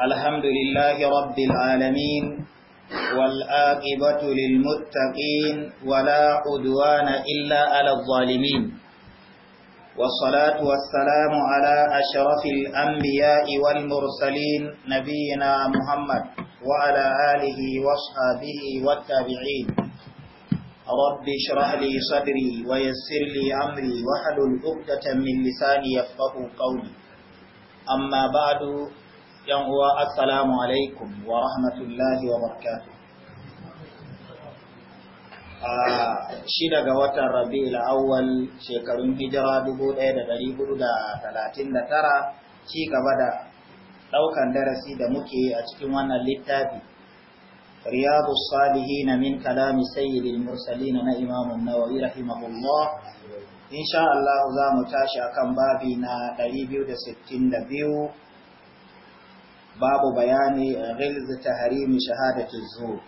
الحمد لله رب العالمين والآقبة للمتقين ولا عدوان إلا على الظالمين والصلاة والسلام على أشرف الأنبياء والمرسلين نبينا محمد وعلى آله وصحابه والتابعين رب اشرح لي صدري ويسر لي أمري وحلل عقدة من لساني يفقه قولي أما بعد yan uwa assalamu alaikum wa rahmatullahi wa barakatuh a ah, shida ga watan rabi'ul awwal shekarun hijira 1439 ci gaba da daukan darasi da muke a cikin wannan littafi riyadu salihin min kalami sayyidil mursalin na imam an-nawawi rahimahullah insha Allah za mu tashi akan babi na 262 babu bayani ghilz tahrimi shahadati zuwa.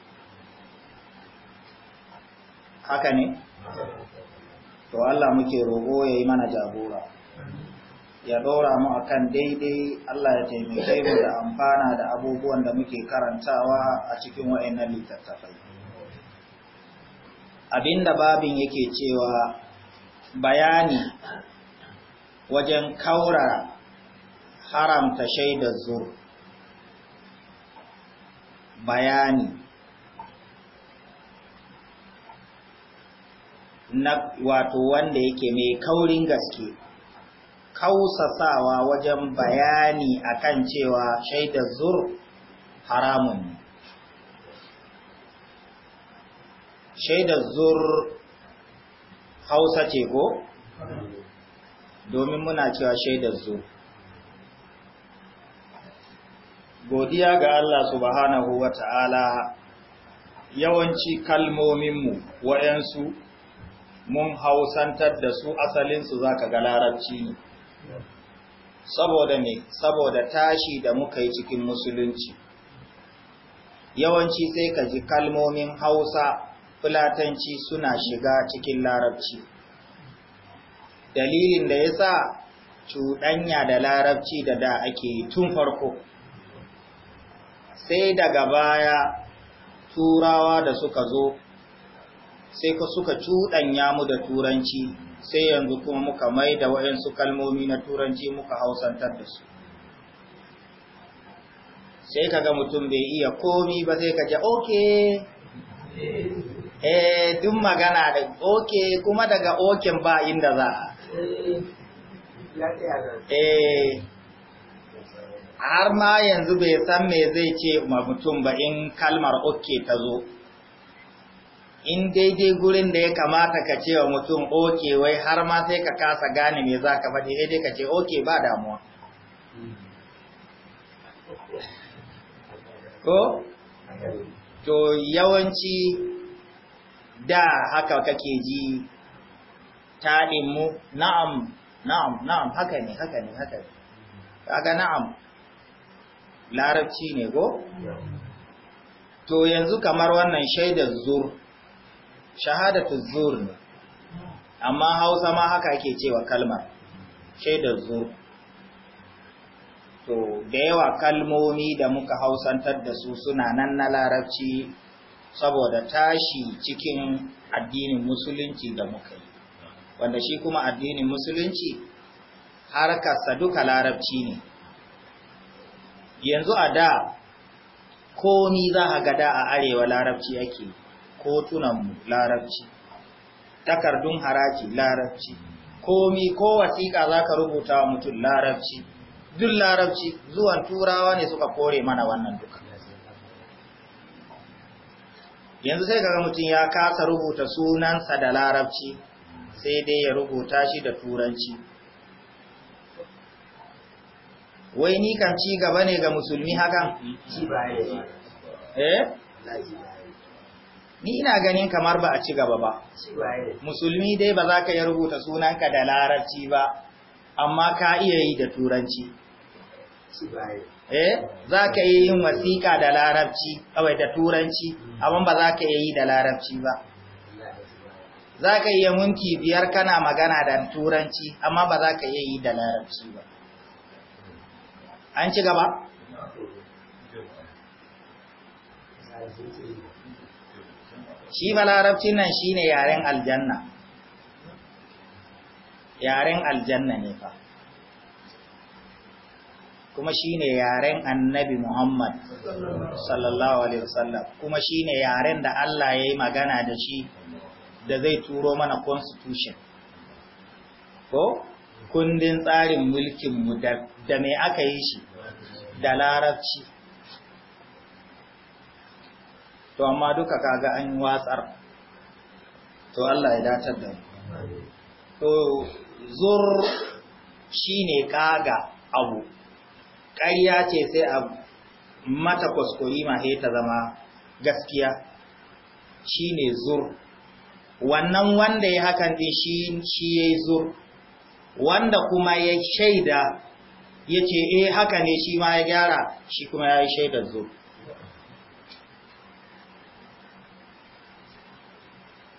haka ne to Allah muke rogo yayi mana jagora ya ɗora mu akan daidai Allah ya taimake mu da amfana da abubuwan da muke karantawa a cikin wayannan littattafai abinda babin yake cewa bayani wajen kaura haramta shaidar zuwa bayani na wato wanda yake mai kaurin gaske kausasawa wajen bayani a kan cewa shaidar zur haramun ne shaidar zur hausa ce ko domin muna cewa shaidar zur godiya ga Allah subhanahu wa ta'ala yawanci kalmominmu wa'yansu mun hausantar da su asalinsu za ka ga larabci ne saboda ne saboda tashi da muka yi cikin musulunci yawanci sai ka ji kalmomin hausa fulatanci suna shiga cikin larabci dalilin da ya sa cuɗanya da larabci da da ake tun farko sai daga baya turawa da suka zo sai suka cuɗanya mu da turanci sai yanzu kuma muka mai da waɗansu kalmomi na turanci muka hausantar da su sai kaga mutum bai iya komi ba sai ka ji oke eh duk magana da oke kuma daga oken ba inda za a eh har ma yanzu bai san me zai ce ma mutum ba in kalmar oke ta zo in daidai gurin da ya kamata ka ce wa mutum oke wai har ma sai ka kasa gane me za ka faɗi daidai ka ce oke ba damuwa ko to yawanci da haka kake ji taɗinmu na'am na'am na'am haka ne haka ne haka ne kaga na'am larabci ne ko? to yanzu kamar wannan shaidar zur shahadatu zur ne amma hausa ma haka ake cewa kalmar shaidar zur to da yawa kalmomi da muka hausantar da su suna nan na larabci saboda tashi cikin addinin musulunci da muka yi wanda shi kuma addinin musulunci harkarsa duka larabci ne yanzu a da komi za a gada a arewa larabci ake kotunanmu larabci takardun haraji larabci komi ko wasiƙa za ka rubuta wa mutum larabci duk larabci zuwan turawa ne suka kore mana wannan duka yanzu sai kaga mutum ya kasa rubuta sunansa da larabci sai dai ya rubuta shi da turanci wai ni kan ci gaba ne ga musulmi haka eh ni ina ganin kamar ba a ci gaba ba musulmi dai ba za ka yi rubuta sunanka da larabci ba amma ka iya yi da turanci eh za ka iya yin wasiƙa da larabci kawai da turanci amma ba za ka iya yi da larabci ba za ka iya munki biyar kana magana da turanci amma ba za ka iya yi da larabci ba an ci gaba shi balarabcin nan shine yaren aljanna yaren aljanna ne fa kuma shine yaren annabi Muhammad sallallahu alaihi wasallam kuma shine yaren da Allah ya yi magana da shi da zai turo mana constitution ko kundin tsarin mulkinmu da me aka yi shi da larabci to amma duka kaga an watsar to Allah ya datar da to zur shine kaga abu ƙarya ce sai a mata kwaskwari ma sai ta zama gaskiya shine zur wannan wanda ya hakan din shi shi yayi zur wanda kuma ya shaida ya ce 'E, haka ne shi ma ya gyara shi kuma ya yi shaida zo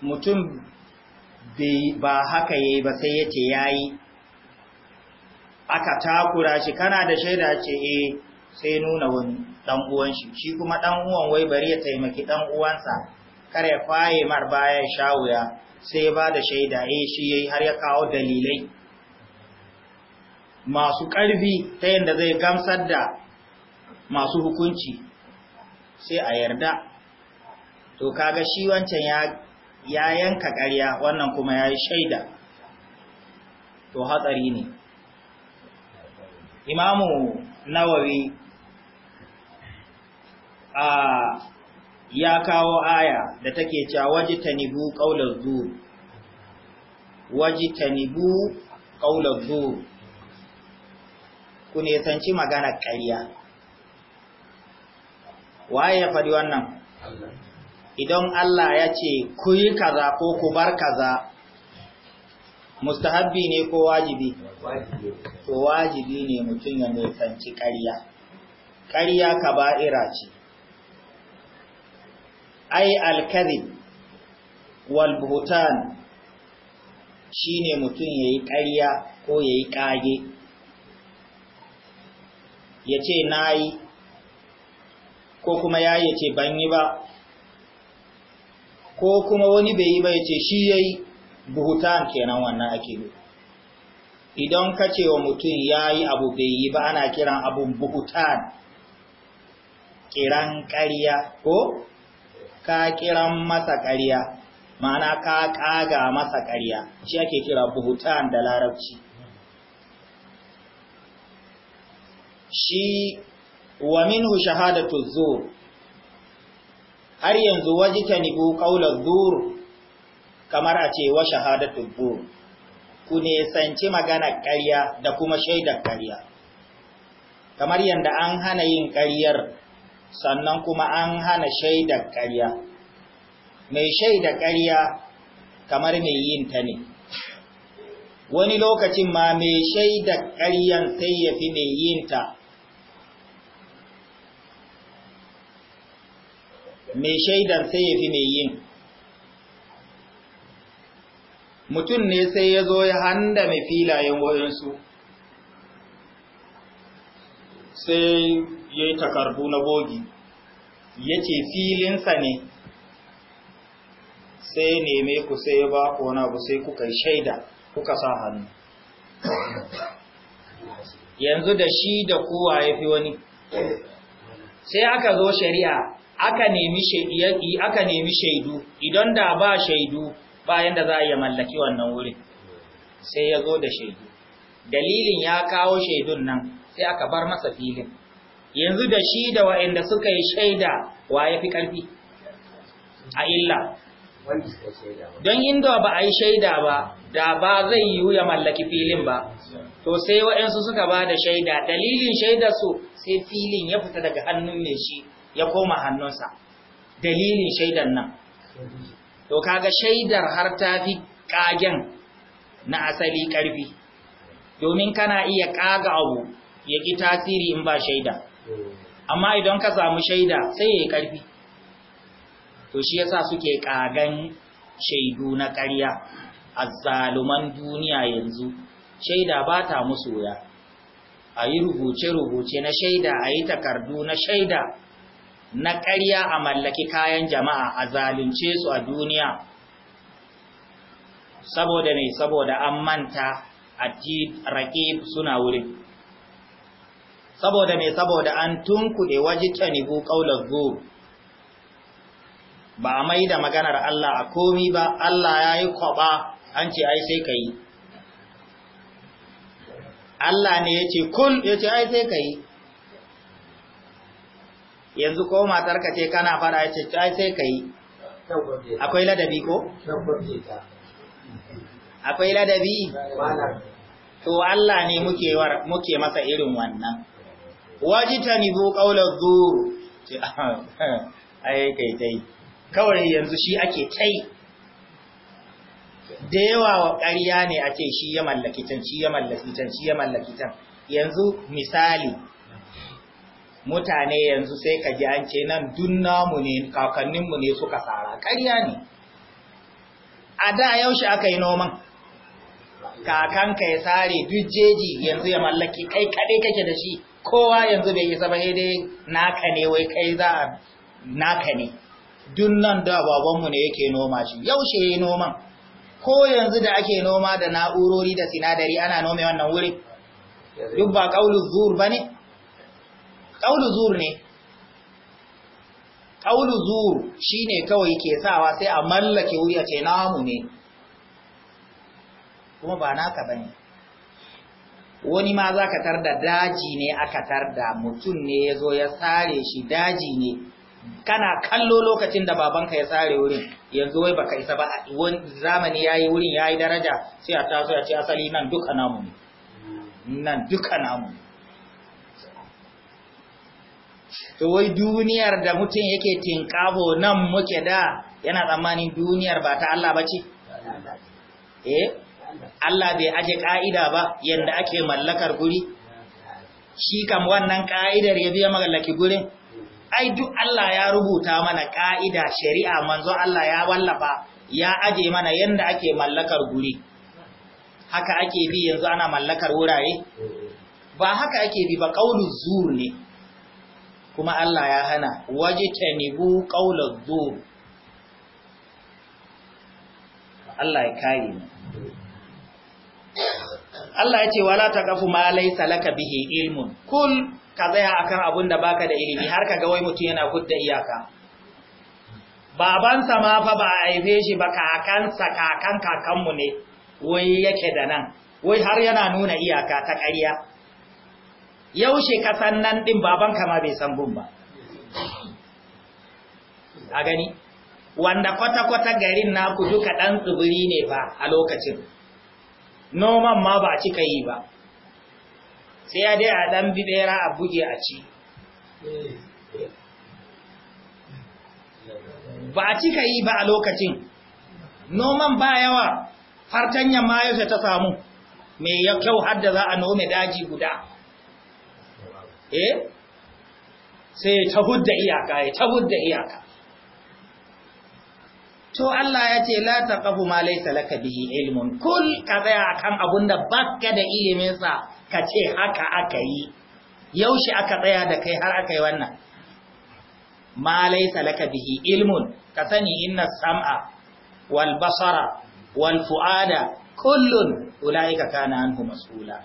mutum ba haka ya yi ba sai ya ce ya yi aka takura shi kana da shaida ce 'E, sai nuna wani dan uwanshi.' shi shi kuma dan uwan wai bari ya taimaki dan uwansa kar ya faye mar bayan sai ba da shaida 'E, shi ya yi,' har ya kawo dalilai masu ƙarfi ta yadda zai gamsar da masu hukunci sai a yarda to kaga shi wancan ya yanka ƙarya wannan kuma ya yi shaida to hatsari ne imamu nawawi a ya kawo aya da take cewa wajitanibu qaular zur wajitanibu qaular ku nisanci magana ƙarya waye ya faɗi wannan idan Allah ya ce ku yi kaza ko ku bar kaza mustahabbi ne ko wajibi Ko wajibi ne mutum ya nisanci ƙarya ƙarya ka ba'ira ce ai alkazi walbutan shi ne mutum ya yi ƙarya ko ya yi ƙage ya ce na yi ko kuma ya yi ya ce ban yi ba ko kuma wani bai yi ba ya ce shi ya yi buhutan kenan wannan ake yi idan ka ce wa mutum ya yi abu bai yi ba ana kiran abun buhutan kiran ƙarya ko ka kiran masa karya ma'ana ka ƙaga masa karya, shi ake kira buhutan da larabci shi wa minhu shahadatu zur har yanzu bu qawla zur kamar a ce wa shahadatu zur ku ne sanci magana ƙarya da kuma shaidar ƙarya kamar yanda an hana yin ƙaryar sannan kuma an hana shaidar ƙarya mai shaidar ƙarya kamar mai yin ta ne wani lokacin ma mai shaida ƙaryan sai ya fi mai yin ta mai shaidar sai ya fi mai yin mutum ne sai ya zo ya handa mai filayen wayansu sai ya yi takardu na bogi ya ce filinsa ne sai neme ku sai ya ba ku wani abu sai kuka shaida kuka sa hannu yanzu da shi da kowa ya fi wani sai aka zo shari'a aka nemi shaidu idan da ba shaidu bayan da za a yi mallaki wannan wurin sai ya zo da shaidu dalilin ya kawo shaidun nan sai aka bar masa filin yanzu da shi da wa'anda suka yi shaida wa ya fi ƙarfi a illa don inda ba a yi shaida ba da ba zai yiwu ya mallaki filin ba to sai wa'ansu suka ba da shaida dalilin su sai filin ya fita daga hannun mai shi ya koma hannunsa dalilin shaidar nan to kaga shaidar har ta fi kagen na asali karfi domin kana iya kaga abu ya ki tasiri in ba shaida amma idan ka samu shaida sai ya yi karfi to shi yasa suke kagan shaidu na ƙarya azzaluman duniya yanzu shaida ba ta musu ya a yi rubuce-rubuce na shaida a yi takardu na shaida na ƙarya a mallaki kayan jama'a a zalunce su a duniya saboda ne saboda an manta atid rakib suna wurin saboda mai saboda an tunkuɗe wajitanibu qaulaz zur ba a maida maganar Allah a komi ba Allah ya yi kwaba an ce ai sai kai Allah ne ya yace kul ce ai sai kai yanzu ko matarka ce kana fara ya ce ai sai ka yi akwai ladabi ko? akwai ladabi to Allah ne muke masa irin wannan wajita ni bu ƙaular zuru ai kai tai kawai yanzu shi ake tai da yawa wa ƙarya ne a ce shi ya mallaki can shi ya mallaki can shi ya mallaki can yanzu misali mutane yanzu sai ka ji an ce nan dunnamu ne kakanninmu ne suka tsara ƙarya ne a da yaushe aka yi noman kakanka ya sare duk jeji yanzu ya mallaki kai kaɗai kake da shi kowa yanzu bai isa ba dai naka ne wai kai za a naka ne dunnan da babanmu ne yake noma shi yaushe ya yi noman ko yanzu da ake noma da na'urori da sinadari ana nome wannan wurin duk ba ƙaunin zuur ba ne ƙaulu zur ne ƙaulu zur shi ne kawai ke sawa sai a mallake wuri a ce namu ne kuma ba naka ba ne wani ma za ka tarda daji ne aka da mutum ne ya zo ya sare shi daji ne kana kallo lokacin da babanka ya sare wurin yanzu wai baka isa ba zamani ya yi wurin ya yi daraja sai a taso ya ce asali nan duka namu ne nan duka namu to wai duniyar da mutum yake tinkabo nan muke da yana tsammanin duniyar ba ta Allah ba ce eh Allah bai aje ka'ida ba yadda ake mallakar guri shi kam wannan ka'idar ya biya magallaki gurin ai duk Allah ya rubuta mana ƙa'ida shari'a manzo Allah ya wallafa ya aje mana yadda ake mallakar guri haka ake bi yanzu ana mallakar wurare ba haka ake bi ba qauluz zur ne kuma Allah ya hana waje nibu qaulaz zuru Allah ya kayi Allah ya ce wala taqafu ma laysa laka bihi ilmun kul ka tsaya akan abun da baka da ilimi har kaga wai mutum yana gudda iyaka babansa ma fa ba a haife shi ba kakansa kakan kakan mu ne wai yake da nan wai har yana nuna iyaka ta ƙarya yaushe kasan nan ɗin babanka ma bai san gumba? a gani wanda kwata-kwata garin naku duka ɗan tsibiri ne ba a lokacin noman ma ba a cika yi ba sai ya dai a ɗan bibera a buge a ci ba a cika yi ba a lokacin noman ba yawa fartanyan ma ta samu mai kyau har da za a nome daji guda eh sai ta hudda iyaka ya ta hudda iyaka to Allah ya ce la taqafu ma laysa laka bihi ilmun kul ka tsaya akan abunda baka da ilimin sa ka ce haka aka yi yaushe aka tsaya da kai har aka yi wannan ma laysa laka bihi ilmun ka sani inna sam'a wal basara wal fuada kullun ulaika kana anhu mas'ula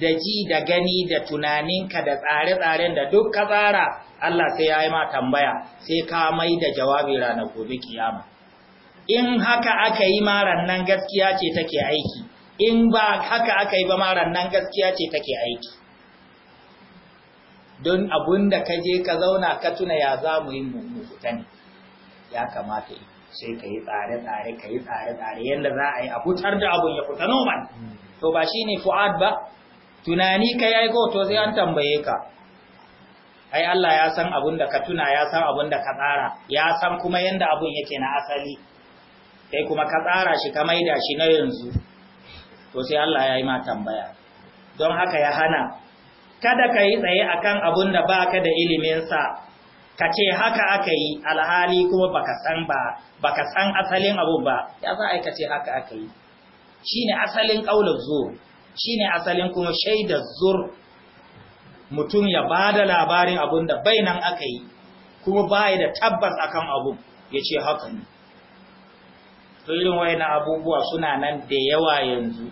da ji da gani da tunaninka da tsare-tsaren da duk ka tsara Allah sai ya yi ma tambaya sai ka mai da jawabi ranar gobe kiyama in haka aka yi maran nan gaskiya ce take aiki in ba haka aka yi ba maran nan gaskiya ce take aiki don abun da ka je ka zauna ka tuna ya za mu yi mummuta ne ya kamata sai ka yi tsare-tsare ka yi tsare-tsare yadda za a yi a fitar da abun ya fita noman hmm. to ba shi ne fu'ad ba tunani ka yi ko to sai an tambaye ka ai Allah ya san abun da ka tuna ya san abun da ka tsara ya san kuma yanda abun yake na asali kai kuma ka tsara shi ka maida shi na yanzu to sai Allah ya yi ma tambaya don haka ya hana kada ka yi tsaye akan abun da baka da ilimin sa ka ce haka aka yi alhali kuma baka san ba baka san asalin abu ba ya za a ce haka aka yi shine asalin kaulul zuwa shine asalin kuma shaidar zur mutum ya bada labarin abun da bainan aka yi kuma baya da tabbas akan abun ya ce haka ne to irin na abubuwa suna nan da yawa yanzu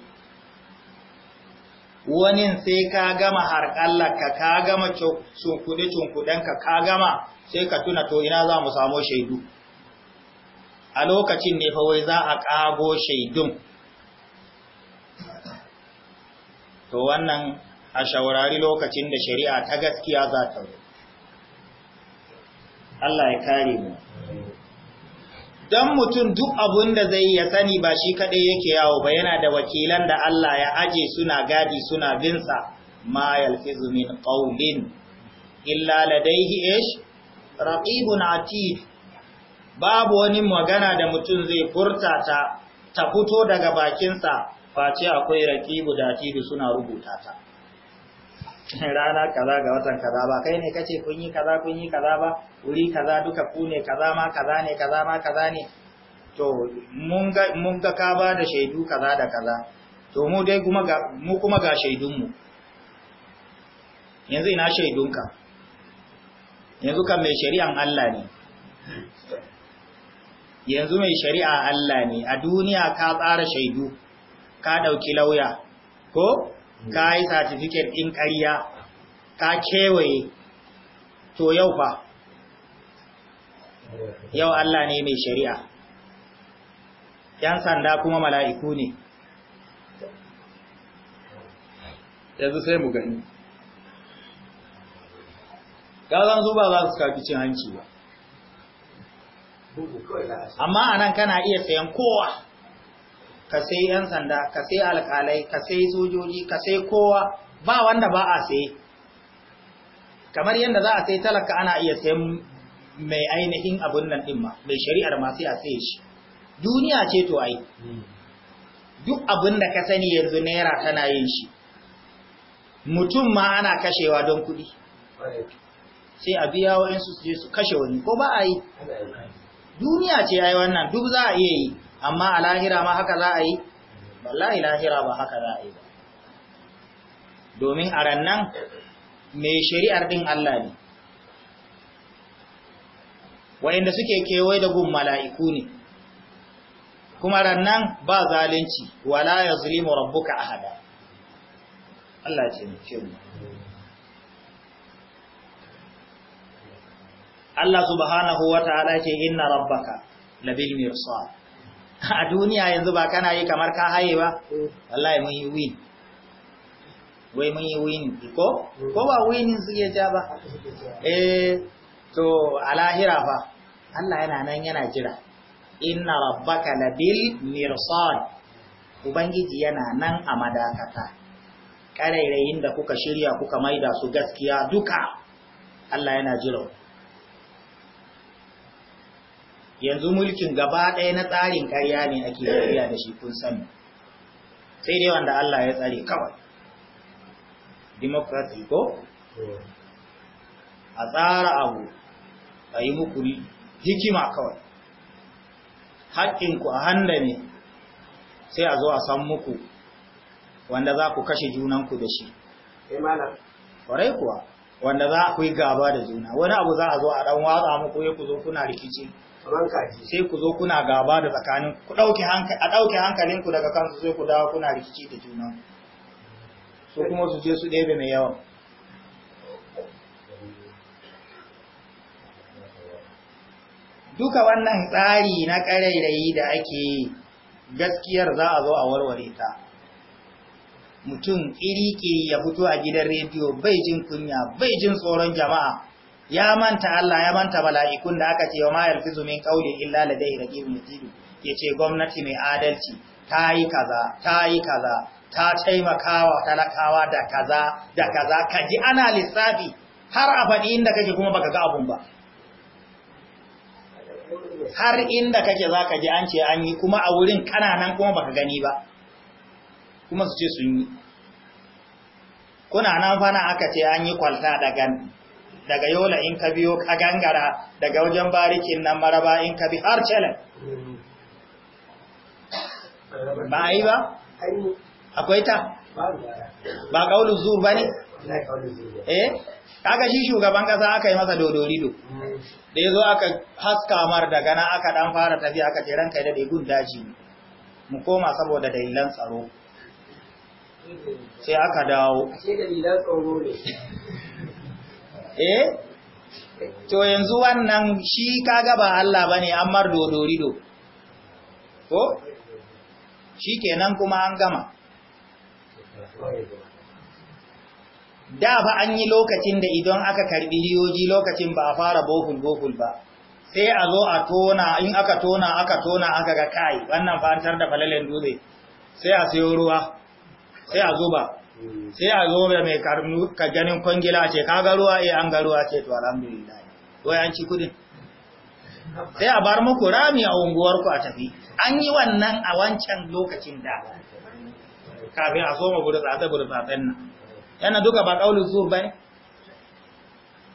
wani sai ka gama harƙallarka ka gama cunkuɗe-cunkuɗenka ka gama sai ka tuna to ina za mu samo shaidu a lokacin ne fa wai za a ƙago shaidun to wannan a shawarari lokacin da shari'a ta gaskiya za ta zo Allah ya kare mu dan mutum duk abun da zai ya sani ba shi kadai yake yawo ba yana da wakilan da Allah ya aje suna gadi suna binsa ma yalfizu min qawlin illa ladaihi ish raqibun atid babu wani magana da mutum zai furta ta ta fito daga bakinsa face akwai raqibu da atibi suna rubuta ta rana kaza ga watan kaza ba kai ne kace kun yi kaza kun yi kaza ba wuri kaza duka ku ne kaza ma kaza ne kaza ma kaza ne to mun ga mun ga ka ba da shaidu kaza da kaza to mu dai kuma ga mu kuma ga shaidun mu yanzu ina shaidunka yanzu kan mai shari'an Allah ne yanzu mai shari'a Allah ne a duniya ka tsara shaidu ka ɗauki lauya ko ka yi satifiket ɗin ƙariya ka kewaye to yau fa yau Allah ne mai shari'a ‘yan sanda kuma mala'iku ne yanzu sai mu gani ƙazan zuba za su kafi cin hanci ba amma a nan kana iya sayan kowa ka sai 'yan sanda ka sai alkalai ka sai sojoji ka sai kowa ba wanda ba a sai kamar yadda za a sai talaka ana iya sai mai ainihin abin nan ɗin ma mai shari'ar ma sai a sai shi duniya ce to ai duk abin da ka sani yanzu naira tana yin shi mutum ma ana kashewa don kuɗi sai a biya wa'insu su je su kashe wani ko ba a yi duniya ce ai wannan duk za a iya yi amma a lahira ma haka za a yi wallahi lahira ba haka za a yi ba domin a rannan mai shari'ar din Allah ne wa'inda suke kewaye da gun mala'iku ne kuma rannan ba zalunci wala ya zulimu rabbuka ahada Allah ce mu ce mu Allah subhanahu wa ta'ala ce inna rabbaka labil mirsal. a duniya yanzu ba kana yi kamar ka haye ba wallahi mun yi win wai mun yi win ko ko ba winin suke ja ba eh to a lahira fa Allah yana nan yana jira inna rabbaka labil mirsad ubangiji yana nan a madakata ƙarairayin da kuka shirya kuka maida su gaskiya duka Allah yana jira yanzu mulkin gaba ɗaya na tsarin ƙarya ne ake ƙarya da shi kun sani sai dai wanda Allah ya tsare kawai democracy ko a tsara abu a yi muku hikima kawai haƙƙinku a handa ne sai a zo a san muku wanda za ku kashe junanku da shi eh, ƙwarai kuwa wanda za ku yi gaba da juna wani abu za a zo a ɗan watsa muku ya ku zo kuna rikici sai ku zo kuna gaba da tsakanin ku dauke hankali a dauke hankalinku daga kansu sai ku dawo kuna rikici da juna su kuma su je su ɗebe mai yawa. duka wannan tsari na ƙarairayi da ake gaskiyar za a zo a warware ta mutum iri ya fito a gidan rediyo bai jin kunya bai jin tsoron jama'a ya manta Allah ya manta mala'ikun da aka ce wa ma yalfizu min qawlin illa ladayhi raqibun ya ce gwamnati mai adalci ta yi kaza ta yi kaza ta taimakawa talakawa da kaza da kaza Ka ji ana lissafi har abadi inda kake kuma baka ga abun ba har inda kake zaka ji an ce an yi kuma a wurin kananan kuma baka gani ba kuma su ce sun yi kuna nan fana aka ce an yi kwalta daga daga yola in ka biyo ka gangara daga wajen barikin nan maraba in ka bi har celen ba a yi ba? akwai ta? ba ƙaunin zuwa ba ne? eh kaga shi shugaban ƙasa aka yi masa dodorido da ya zo aka haska mar daga na aka ɗan fara tafiya aka ce ranka da gun daji mu koma saboda dalilan tsaro sai aka dawo eh to yanzu wannan shi kaga ba Allah bane ammar dodorido ko shikenan kuma an gama da ba an yi lokacin da idan aka karbi riyoji lokacin ba a fara bohul bohul ba sai a zo a tona in aka tona aka tona aka ga kai wannan fa tar da falalen dutse sai a sayo ruwa sai a zuba sai a zo mai karnu ka ganin kwangila ce ka ga ruwa eh an ga ruwa ce to alhamdulillah ko an ci kudin sai a bar muku rami a unguwar ku a tafi an yi wannan a wancan lokacin da kafin a soma gudu burtsatsen nan yana duka ba kaulin zuwa bane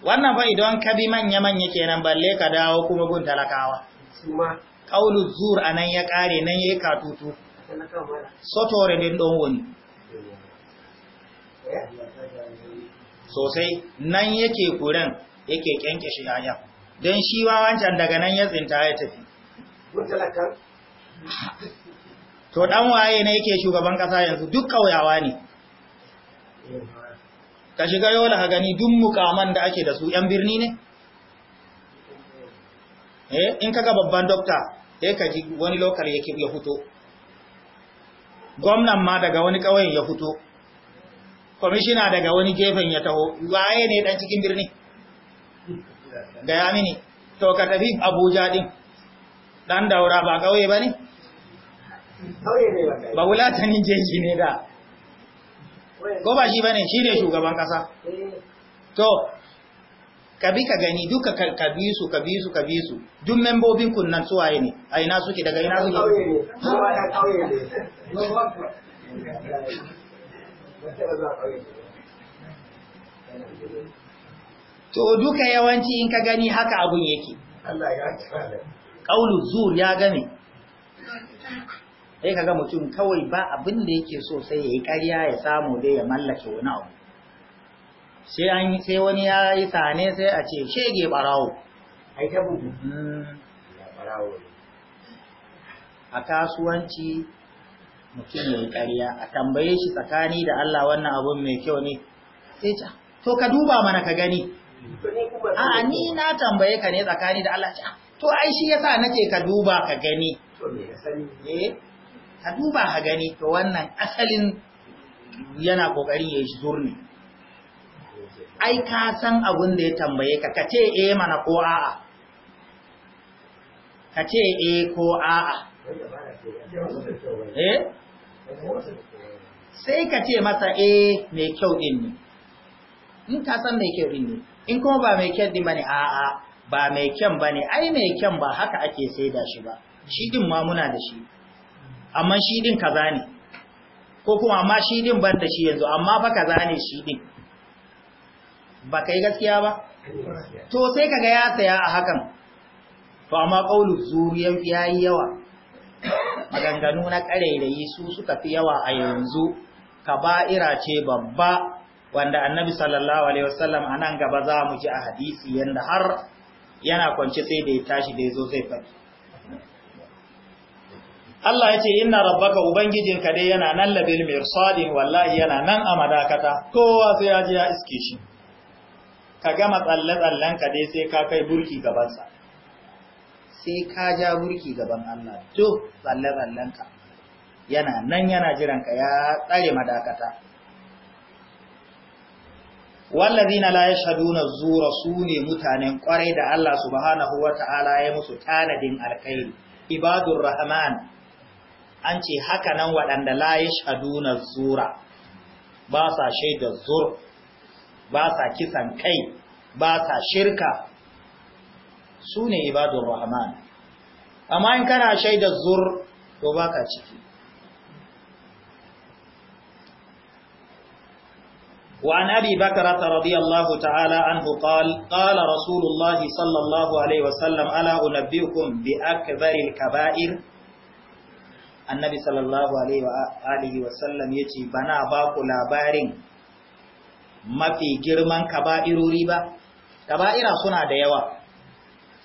wannan fa idan ka bi manya manya kenan balle ka dawo kuma gun talakawa kaulin zuwa anan ya kare nan ya yi katutu sotore din don wani sosai nan yake kuren yake kyanke shi yaya don shi ba wancan daga nan ya tsinta ya tafi to dan waye ne yake shugaban kasa yanzu duk kauyawa ne ka shiga yola ha gani duk mukaman da ake da su yan birni ne eh in kaga babban dokta sai ka ji wani lokal ya fito gwamnan ma daga wani kauyen ya fito kwamishina daga wani gefen ya taho waye ne dan cikin birni gaya mini to ka tafi abuja din dan daura ba kauye ba ne ba wulatanin jeji ne da ko ba shi ba ne shi ne shugaban kasa to ka bi ka gani duka ka bi su ka bi su ka bi su duk membobin kunnan waye ne a ina suke daga ina suke to duka yawanci in ka gani haka abun yake ƙaunar zuwa ya gane. sai ka ga mutum kawai ba abin da yake so sai ya yi ƙarya ya samu dai ya mallake wani abu sai wani ya yi sane sai a ce shege ɓarawo bugu hmm. a kasuwanci mutum ya yi ƙarya a tambaye shi tsakani da Allah wannan abun mai kyau ne sai ta to ka duba mana ka gani a ni na tambaye ka ne tsakani da Allah ah, to ai shi yasa nake ka duba ka gani eh ka duba ka gani to wannan asalin yana kokarin ya yi zurni ai ka san abun da ya tambaye ka ka ce eh mana ko a'a ka ce eh ko a'a eh sai ka ce masa eh mai kyau din ne in ka san mai kyau din ne in kuma ba mai kyau din bane a'a ba mai kyan bane ai mai kyan ba haka ake saida shi ba shi din ma muna da shi amma shi din kaza ne ko kuma amma shi din ban da shi yanzu amma ba kaza ne shi din ba kai gaskiya ba to sai kaga ya saya a hakan to amma zuriyar zuriyan yayi yawa maganganu na ƙarairayi su suka fi yawa a yanzu kaba'ira ce babba wanda annabi sallallahu alaihi wasallam a nan gaba za mu ji a hadisi yanda har yana kwance sai da ya tashi da ya zo zai faɗi Allah ya ce inna rabbaka ubangijinka dai yana nan labil mirsadin wallahi yana nan a madakata kowa sai ya ji ya iske shi ka gama tsalle tsallen dai sai ka kai burki gabansa sai ka ja burki gaban Allah to tsalle ka yana nan yana jiran ka ya tsare madakata wallazina la yashhaduna zura sune mutanen kwarai da Allah subhanahu wata'ala ya musu tanadin alkhairi ibadur rahman an ce haka nan waɗanda la yashhaduna zura ba sa shaida zur ba sa kisan kai ba sa shirka su ne ibadun rahman amma in kana shaidar zur to ba ka ciki وعن أبي بكرة رضي الله تعالى عنه قال قال رسول الله صلى الله عليه وسلم ألا أنبئكم بأكبر الكبائر annabi sallallahu alaihi wasallam ya ce bana baku labarin mafi girman kaba'irori ba kaba'ira suna da yawa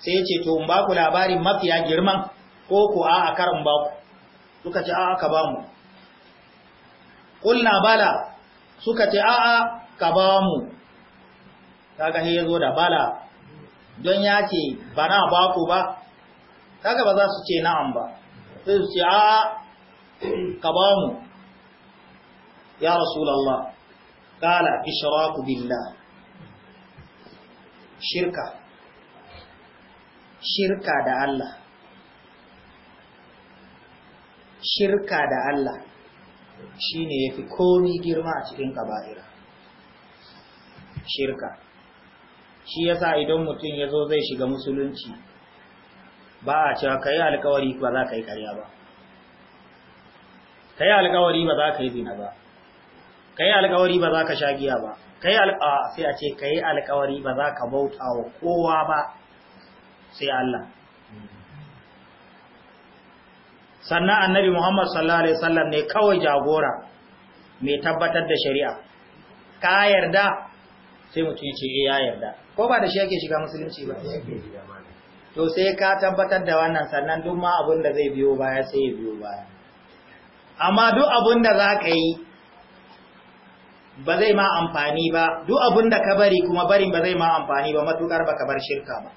sai ya ce to in ba ku labarin mafiya girman ko ku a a karin ba ku suka ce a a ka ba mu ƙulna bala suka ce a a ka ba mu kaga sai ya zo da bala don ya ce ba na ba ku ba kaga ba za su ce na'am ba sai su ce a ka ba mu ya rasulallah kala ishraku billah shirka shirka da Allah shirka da Allah shine yafi komi girma a cikin kaba'ira shirka shi yasa idan mutum ya zo zai shiga musulunci ba a cewa ka yi alkawari ba za ka yi karya ba ka yi alkawari ba za ka yi zina ba ka yi alkawari ba za ka sha giya ba ka yi sai a ce ka yi alkawari ba za ka bauta wa kowa ba sai Allah sannan annabi Muhammad sallallahu alaihi wasallam ne kawai jagora mai tabbatar da shari'a ka yarda sai mutum ya ce eh, ya yarda ko ba da shi yake shiga musulunci ba to sai ka tabbatar da wannan sannan duk ma abin da zai biyo baya sai ya biyo baya amma duk abin da za ka yi ba zai ma amfani ba duk abin da ka bari kuma barin ba zai ma amfani ba matukar baka bar shirka ba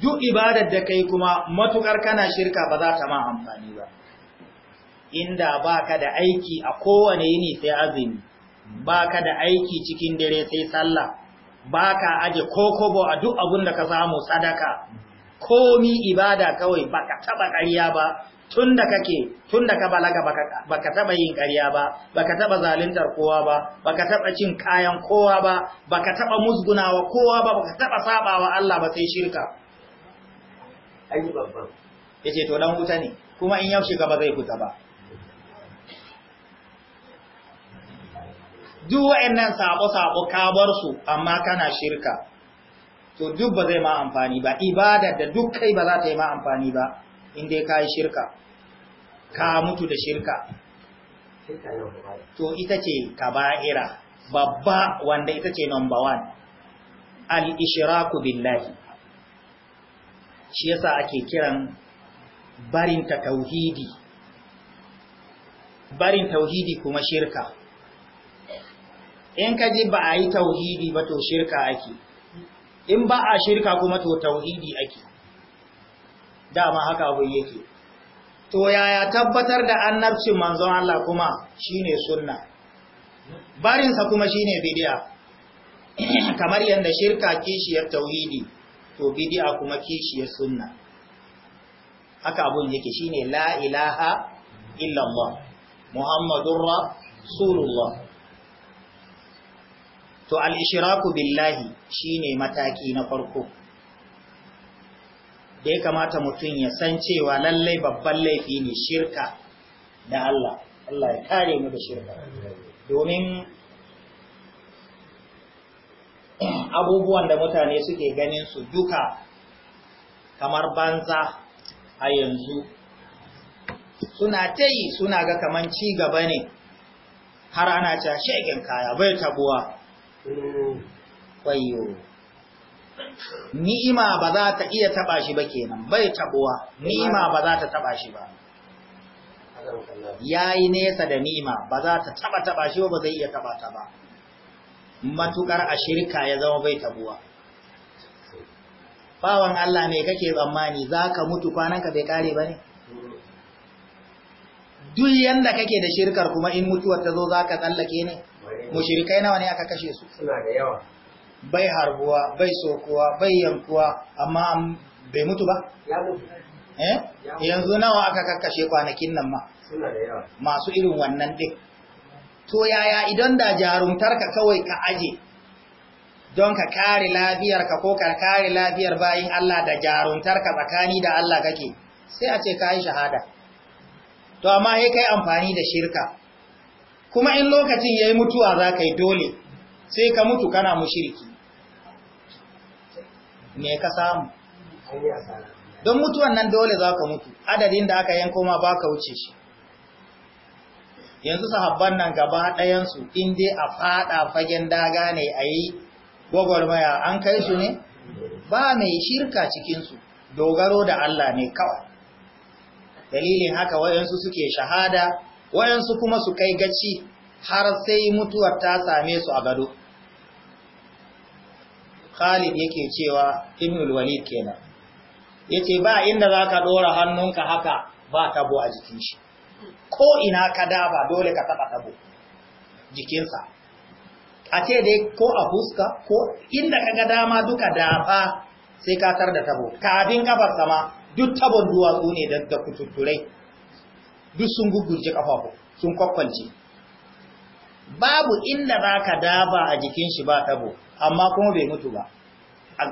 duk ibadar da kai kuma matukar kana shirka ba za ta ma amfani ba inda baka da aiki a kowane yini sai azumi baka da aiki cikin dare sai sallah baka aje kokobo a duk abun da ka samu sadaka komi ibada kawai baka taba ƙarya ba Tun tunda kake da ka balaga baka, baka taba yin ƙarya ba baka taba zaluntar kowa ba baka taba cin kayan kowa ba baka taba musgunawa kowa ba baka taba sabawa Allah ba sai shirka an babban ya to dan wuta ne kuma in yaushe shiga ba zai fita ba duk wa'annan sabo-sabo ka bar su amma kana shirka to duk ba zai ma amfani ba ibada da duk kai ba za ta yi ma amfani ba in dai ka yi shirka ka mutu da shirka to ita ce kaba'ira babba wanda ita ce number one al-ishiraku billahi shi yasa ake kiran barinta tauhidi barin tauhidi kuma shirka in ka ba a yi tauhidi ba to shirka ake in ba a shirka kuma to tauhidi ake dama haka abu yake to yaya tabbatar da annabcin manzon Allah kuma shine sunna barinsa kuma shine bid'a kamar yadda shirka ke shi ya tauhidi to bidi'a kuma kishiyar sunna haka abun yake shine la ilaha illallah muhammadur rasulullah to al-ishraku billahi shine mataki na farko da ya kamata mutum ya san cewa lallai babban laifi ne shirka da Allah, Allah ya kare mu da shirka. Domin abubuwan da mutane suke ganin su duka kamar banza a yanzu suna ta yi suna ga kaman ci gaba ne har ana cewa shegen kaya bai tabuwa wayo ni'ima ba za ta iya taba shi ba kenan bai tabuwa ni'ima ba za ta taba shi ba yayi nesa da ni'ima ba za ta taba taba shi ba zai iya taba ta ba matukar a shirka ya zama bai tabuwa bawan Allah mai kake tsammani za ka mutu kwananka bai kare ba ne duk yanda kake da shirkar kuma in mutuwar ta zo za ka tsallake ne mushrikai nawa ne aka kashe su suna da yawa bai harbuwa bai sokuwa bai yankuwa amma bai mutu ba eh yanzu nawa aka kakkashe kwanakin nan ma suna da yawa masu irin wannan ɗin. to yaya idan da jarumtarka kawai ka aje don ka kare lafiyarka ko ka kare lafiyar bayin Allah da jarumtarka tsakani da Allah kake sai a ce ka yi shahada to amma sai kai amfani da shirka kuma in lokacin yayi mutuwa za ka yi dole sai ka mutu kana mushriki me ka samu don mutuwan nan dole za ka mutu adadin da aka yanko ma baka wuce shi yanzu sahabban nan gaba ɗayansu in dai a faɗa fagen daga ne a yi gwagwarmaya an kai su ne ba mai shirka cikinsu dogaro da Allah ne kawai dalilin haka wayansu suke shahada wayansu kuma su kai gaci har sai mutuwar ta same su a gado Khalid yake cewa Ibnul Walid kenan yace ba inda zaka ɗora hannunka haka ba tabo a jikin shi ko ina ka daba dole ka taba tabo jikinsa a ce dai ko a fuska ko inda ka ga dama duka dafa sai ka tar da tabo kafin kafar sama duk tabon duwatsu ne da kututturai duk sun gugurje kafafu sun kwakwalce babu inda za ka daba a jikin shi ba tabo amma kuma bai mutu ba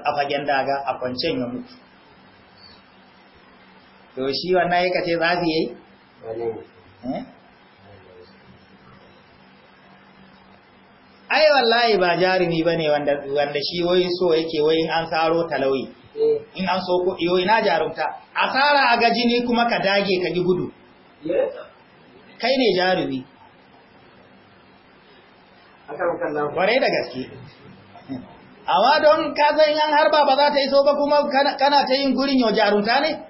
a fagen daga a kwancen ya mutu to shi wannan ya kace za su yi Eh? ai wallahi ba jarumi bane wanda wanda shi wai so yake wai an saro talawi eh. in an so kuɗi wai na jarumta asara a gaji ni kuma ka dage ka ji gudu kai ne jarumi Bare da gaske amma don ka zai an harba ba za ta iso ba kuma kana ta yin gurin yau jarumta ne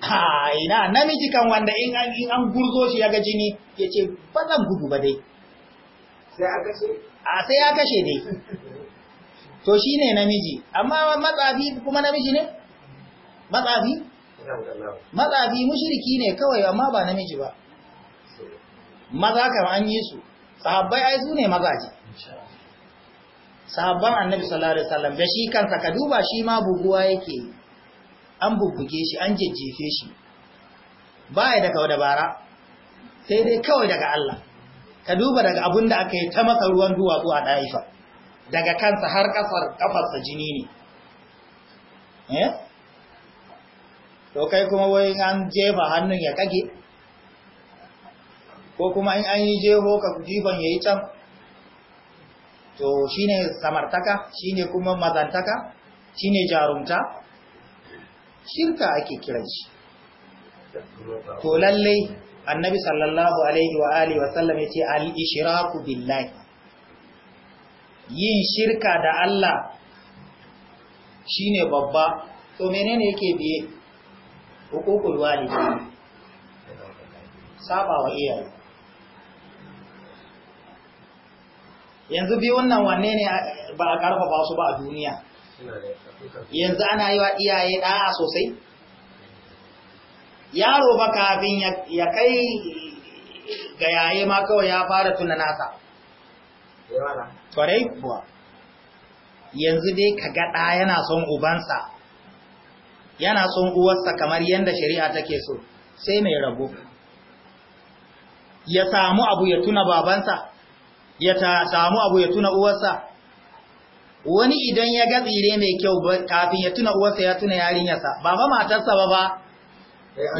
ha ina namiji kan wanda in an in an gurzo shi ya ga jini yace ba zan gudu ba dai sai aka ce a sai ya kashe dai to shine namiji amma matsafi kuma namiji ne matsafi matsafi mushriki ne kawai amma ba namiji ba maza kan an yi su sahabbai ai su ne mazaje sahabban annabi sallallahu alaihi wasallam da shi kansa ka duba shi ma buguwa yake yi an bubbuge shi an jejjefe shi ba ya daga dabara sai dai kawai daga Allah ka duba daga abin da aka yi ta masa ruwan duwatsu a ɗaifa daga kansa har ƙasar ƙafarsa jini ne eh to kai kuma wai an jefa hannun ya kage ko kuma in an yi jeho ka jifan ya yi can to shine samartaka shine kuma mazantaka shine jarumta shirka ake kiran shi to lallai annabi sallallahu alaihi wa alihi wa sallam yace al-ishraku billahi yin shirka da Allah shine babba to menene yake biye hukukul walidi saba Saɓawa iyayen. yanzu bi wannan wanne ne ba a karfafa su ba a duniya yanzu ana yi wa iyaye ɗa'a sosai yaro ba kafin ya kai ga yaye ma kawai ya fara tuna nasa kwarai kuwa yanzu dai ka gaɗa yana son ubansa yana son uwarsa kamar yadda shari'a take so sai mai rabu ya samu abu ya tuna babansa ya samu abu ya tuna uwarsa wani idan ya ga tsire mai kyau kafin ya tuna uwarsa ya tuna yarinyarsa ba ba matarsa ba ba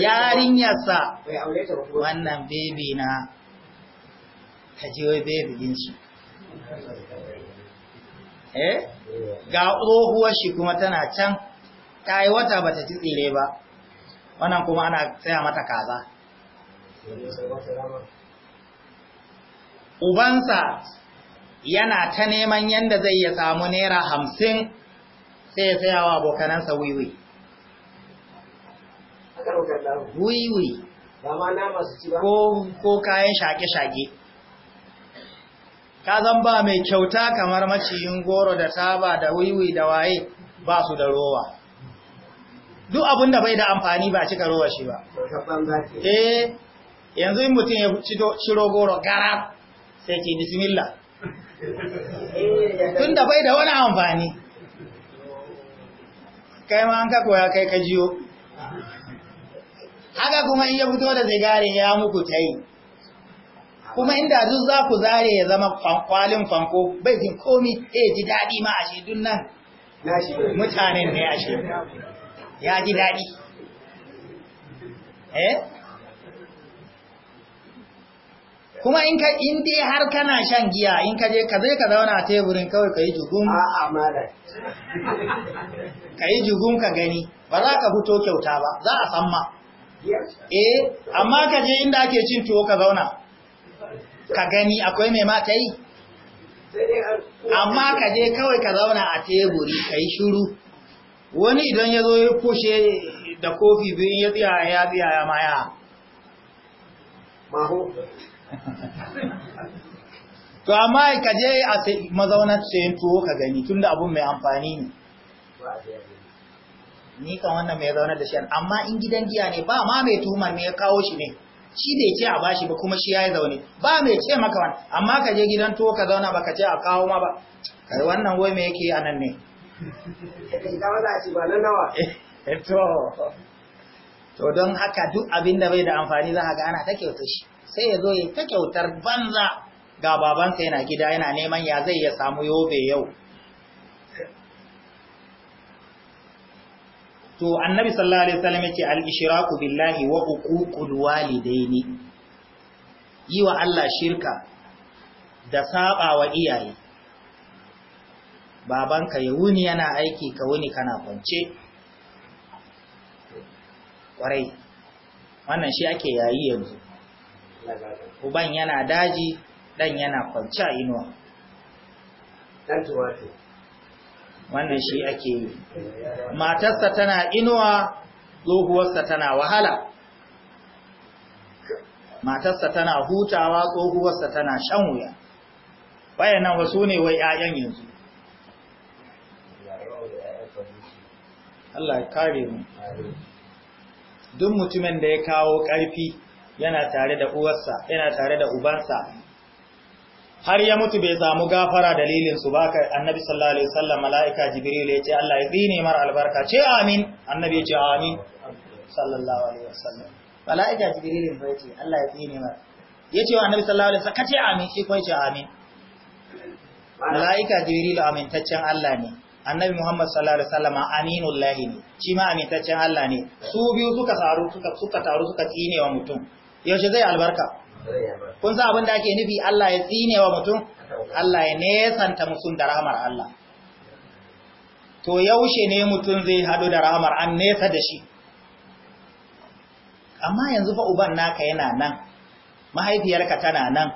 yarinyarsa wannan bebe na ta je wai bebe din shi eh ga tsohuwar shi kuma tana can ta yi wata bata ci tsire ba wannan kuma ana tsaya mata kaza ubansa yana ta neman yanda zai ya samu naira hamsin sai ya saya wa abokanansa wiwi wiwi ko kayan shaƙe-shaƙe ka zan ba mai kyauta kamar maciyin goro da taba da wiwi da waye ba su da rowa duk abin da bai da amfani ba cika rowa shi ba eh yanzu mutum ya ciro goro gara sai ke bismillah tun da bai da wani amfani kai ma an ka koya kai ka jiyo haka kuma in ya fito da zigare ya muku ta yi kuma inda duk za ku zare ya zama kwalin fanko bai jin komi ya eh, ji daɗi ma a shidun nan mutanen ne a ya ji daɗi eh kuma in ka in dai har kana shan giya in ka je ka zai ka zauna a teburin kawai ka yi jugun ka yi jugun ka gani ba za ka fito kyauta ba za a san ma eh amma ka je inda ake cin tuwo ka zauna ka gani akwai mai ma ta yi amma ka je kawai ka zauna a teburi ka yi shuru wani idan ya zo ya kushe da kofi biyu ya tsaya ya tsaya ya maya maho to amma ka je a mazaunar sayan tuwo ka gani tunda abun mai amfani ne ni kan wannan mai zaunar da shi amma in gidan giya ne ba ma mai tuhumar me ya kawo shi ne shi da ce a bashi ba kuma shi ya yi zaune ba mai ce maka wani amma ka je gidan tuwo ka zauna ba ka ce a kawo ma ba kai wannan wai me yake a nan ne eh, to to don haka duk abin da bai da amfani za ka gana ta kyauta shi sai ya zo ya ta kyautar banza ga babansa yana gida yana neman ya zai ya samu yobe yau to annabi sallallahu alaihi wasallam yace al-ishraku billahi wa uququl walidaini yi wa Allah shirka da saba wa iyaye babanka ya wuni yana aiki ka wuni kana kwance kwarai wannan shi ake yayi yanzu uban yana daji dan yana kwanci a inuwa wannan shi ake yi matarsa tana inuwa tsohuwarsa tana wahala matarsa tana hutawa tsohuwarsa tana shan wuya bayanan wasu ne wai 'ya'yan yanzu Allah kare mu duk mutumin da ya kawo ƙarfi yana tare da uwarsa yana tare da ubansa har ya mutu bai samu gafara dalilin su baka annabi sallallahu alaihi wasallam malaika jibril ya ce Allah ya tsine mar albarka ce amin annabi ya ce amin sallallahu alaihi wasallam malaika jibril ya ce Allah ya tsine mar ya ce wa annabi sallallahu alaihi wasallam kace amin shi kuma ya ce amin malaika jibril amintaccen Allah ne annabi muhammad sallallahu alaihi wasallam aminullahi ne shi ma amintaccen Allah ne su biyu suka taru suka suka taru suka tsine wa mutum yaushe zai albarka kun sa abin da ake nufi Allah ya tsine wa mutum Allah ya nesanta musun da rahamar Allah to yaushe ne mutum zai hadu da rahamar an nesa da shi amma yanzu fa uban naka yana nan mahaifiyarka tana nan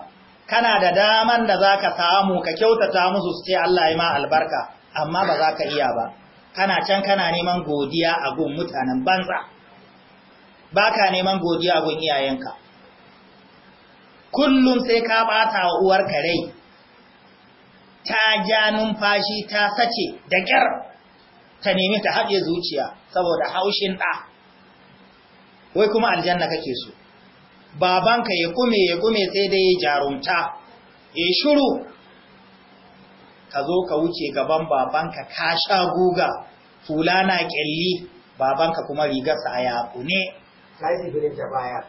kana da daman da zaka samu ka kyautata musu su ce Allah ya ma albarka amma ba za ka iya ba kana can kana neman godiya a gun mutanen banza ba ka neman godiya gun iyayenka kullum sai ka ɓata wa uwarka rai ta ja numfashi ta sace da ƙyar ta nemi ta haɗe zuciya saboda haushin ɗa wai kuma aljanna kake so babanka ya kume ya kume sai dai ya jarumta ya shiru. ka zo ka wuce gaban babanka ka sha guga fulana na ƙyalli babanka kuma rigarsa a yaƙune ta yi zibirin baya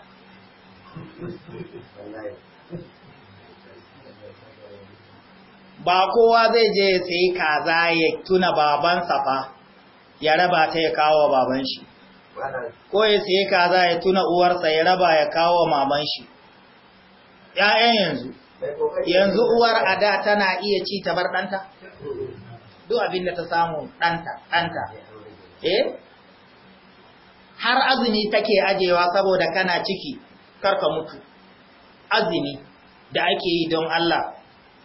ba kowa zai je ya tsaye kaza ya tuna babansa fa ya raba ta ya kawo baban shi ko ya tsaye kaza ya tuna uwarsa ya raba ya kawo maman shi ‘ya'yan yanzu yanzu uwar a da tana iya ci ta bar ɗanta duk abin da ta samu ɗanta ɗanta eh har azumi take ajewa saboda kana ciki karka mutu azumi da ake yi don Allah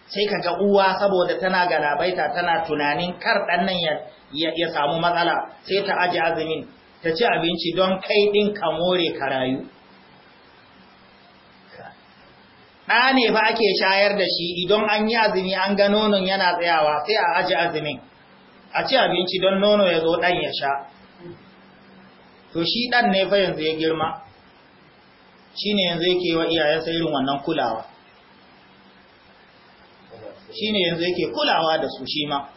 sai kaga uwa saboda tana galabaita tana tunanin kar dan nan ya, ya, samu matsala sai ta aje azumin ta ci abinci don kai din ka more ka rayu ɗa ne ba ake shayar da shi idan an yi azumi an ga nonon yana tsayawa sai a aje azumin a ci abinci don nono ya zo ɗan ya sha to shi ɗan ne fa yanzu ya girma shi ne yanzu yake wa iyayensa irin wannan kulawa shi ne yanzu yake kulawa da su shi ma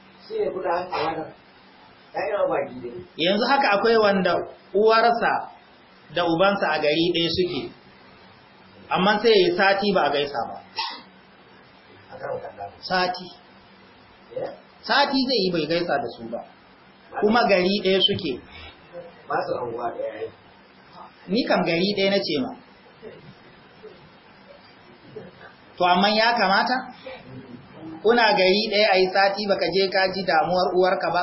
yanzu haka akwai wanda uwarsa da ubansa a gari ɗaya suke amma sai ya yi sati ba a gaisa ba sati sati zai yi bai gaisa da su ba kuma gari ɗaya suke ba ni kam gari ɗaya na ce ma to amma ya kamata kuna gari ɗaya a yi sati baka je ka ji damuwar uwarka ba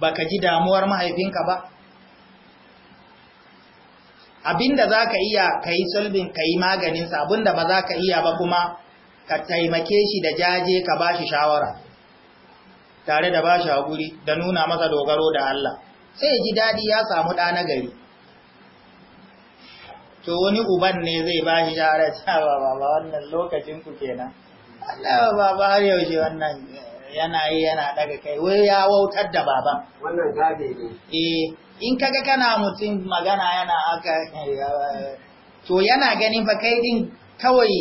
baka ji damuwar mahaifinka ba abinda za ka iya ka yi sulbin ka yi maganinsa abinda ba za ka iya ba kuma ka taimake shi da jaje ka ba shi shawara tare da ba shi haƙuri da nuna masa dogaro da Allah sai ji daɗi ya samu ɗa na gari to wani uban ne zai ba shi shara cewa baba wannan lokacin ku kenan Allah baba har yaushe wannan yana yi yana daga kai wai ya wautar da baban wannan gabe ne eh in kaga kana mutum magana yana aka eh, to yana ganin fa kai din kawai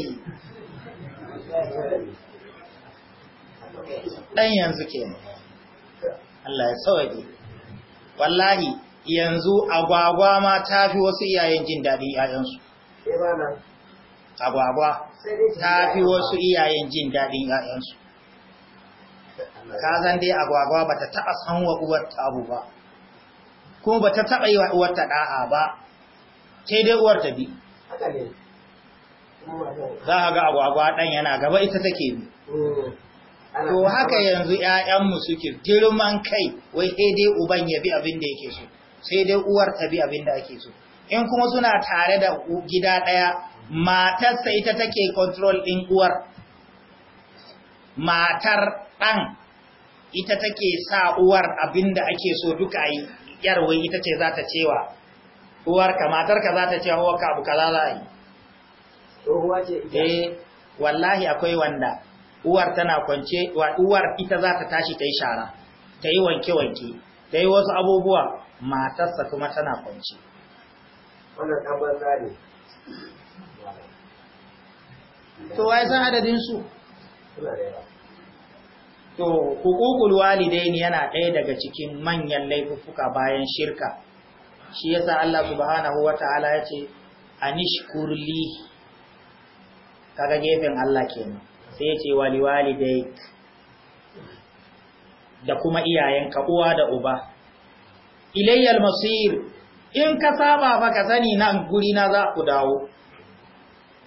dan yanzu kenan Allah ya sauke wallahi yanzu agwagwa ma ta fi wasu iyayen jin daɗin ‘ya'yansu agwagwa ta fi wasu iyayen jin daɗin ‘ya'yansu ka zan dai agwagwa ba ta taɓa san wa uwarta abu ba kuma ba ta taɓa yi wa uwarta ɗa'a ba sai dai uwarta bi za a ga agwagwa ɗan yana gaba ita take bi mm. to haka yanzu ‘ya'yanmu suke girman kai wai sai dai uban ya bi abin da yake so sai dai uwar ta bi abin da ake so in kuma suna tare da gida ɗaya matarsa ita take control ɗin uwar matar ɗan ita take sa uwar abin da ake so duka yi yarwai ita ce za ta cewa uwarka matarka za ta cewa uwarka abu ka za a yi eh, wallahi akwai wanda uwar tana kwance uwar ita za ta tashi ta yi shara ta yi wanke-wanke ta yi wasu abubuwa matarsa kuma tana kwance wannan zari to wai san adadin su to hukukul walidaini yana ɗaya daga cikin manyan laifuffuka bayan shirka shi yasa Allah subhanahu wata'ala yace anishkurli kaga gefen Allah kenan sai ya ce wali walidai da kuma iyayenka uwa da uba ilayyal masir in ka saba fa ka sani nan guri na za ku dawo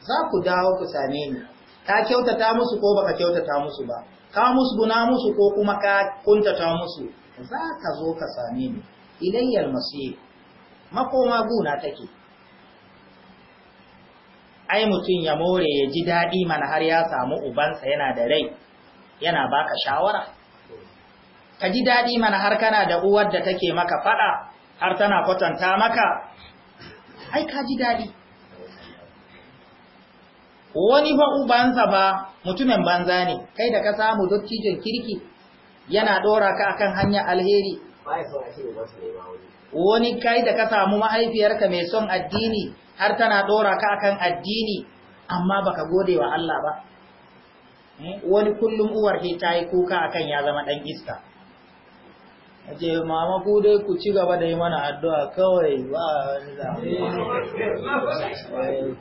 za ku dawo ku same ni ka kyautata musu ko baka kyautata musu ba ka musguna musu ko kuma ka kuntata musu za ka zo ka same ni ilayyal masir makoma guna take ai mutum ya more ya ji daɗi mana har ya samu ubansa yana da rai yana baka shawara ka ji daɗi mana har kana da uwar da take maka faɗa har tana kwatanta maka ai ka ji daɗi wani ba ubansa ba mutumin banza ne kai da ka samu dottijin kirki yana ɗora ka akan hanyar alheri wani kai da ka samu mahaifiyarka mai son addini har tana ɗora ka kan addini amma baka godewa allah ba eh, woni kullum uwar hitayi kuka a kan ya zama ɗan iska je mama ku dai ku ci gaba da yi mana addu'a kawai ba wani eh,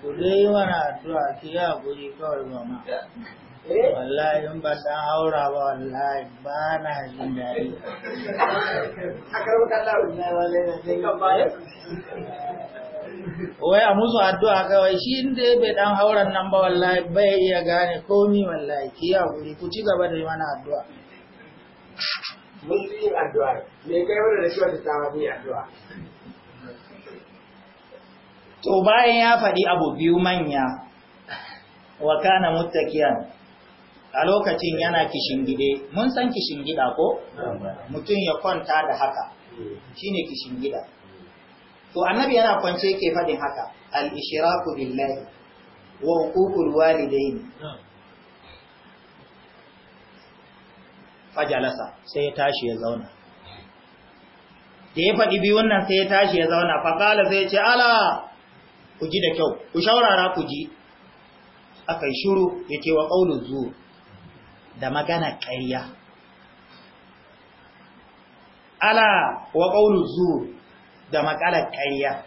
ku dai yi mana addu'a ki ya guri kawai mama wallahi in ban dan haura ba wallahi ba na jin daɗi a karɓi kallon ne wallahi na wai a musu addu'a kawai shi inda bai dan hauren nan ba wallahi bai iya gane komi wallahi ki wuri ku ci gaba da mana addu'a mun yi addu'a me kai wanda da shi wata ta ni addu'a to bayan ya faɗi abu biyu manya wa kana muttakiyan a lokacin yana kishingide mun san kishingida ko mutum ya kwanta da haka hmm. shine kishingida to annabi yana kwance yake faɗin haka al-ishraku billahi wa uqul walidayn fajalasa sai ya tashi ya zauna da ya faɗi biyu wannan sai ya tashi ya zauna faƙala sai ya ce ala ku ji da kyau ku shaurara ku ji aka yi shuru ya ce wa ƙaunin zuwa da magana ƙarya ala wa ƙaunin zuwa da makalar ƙarya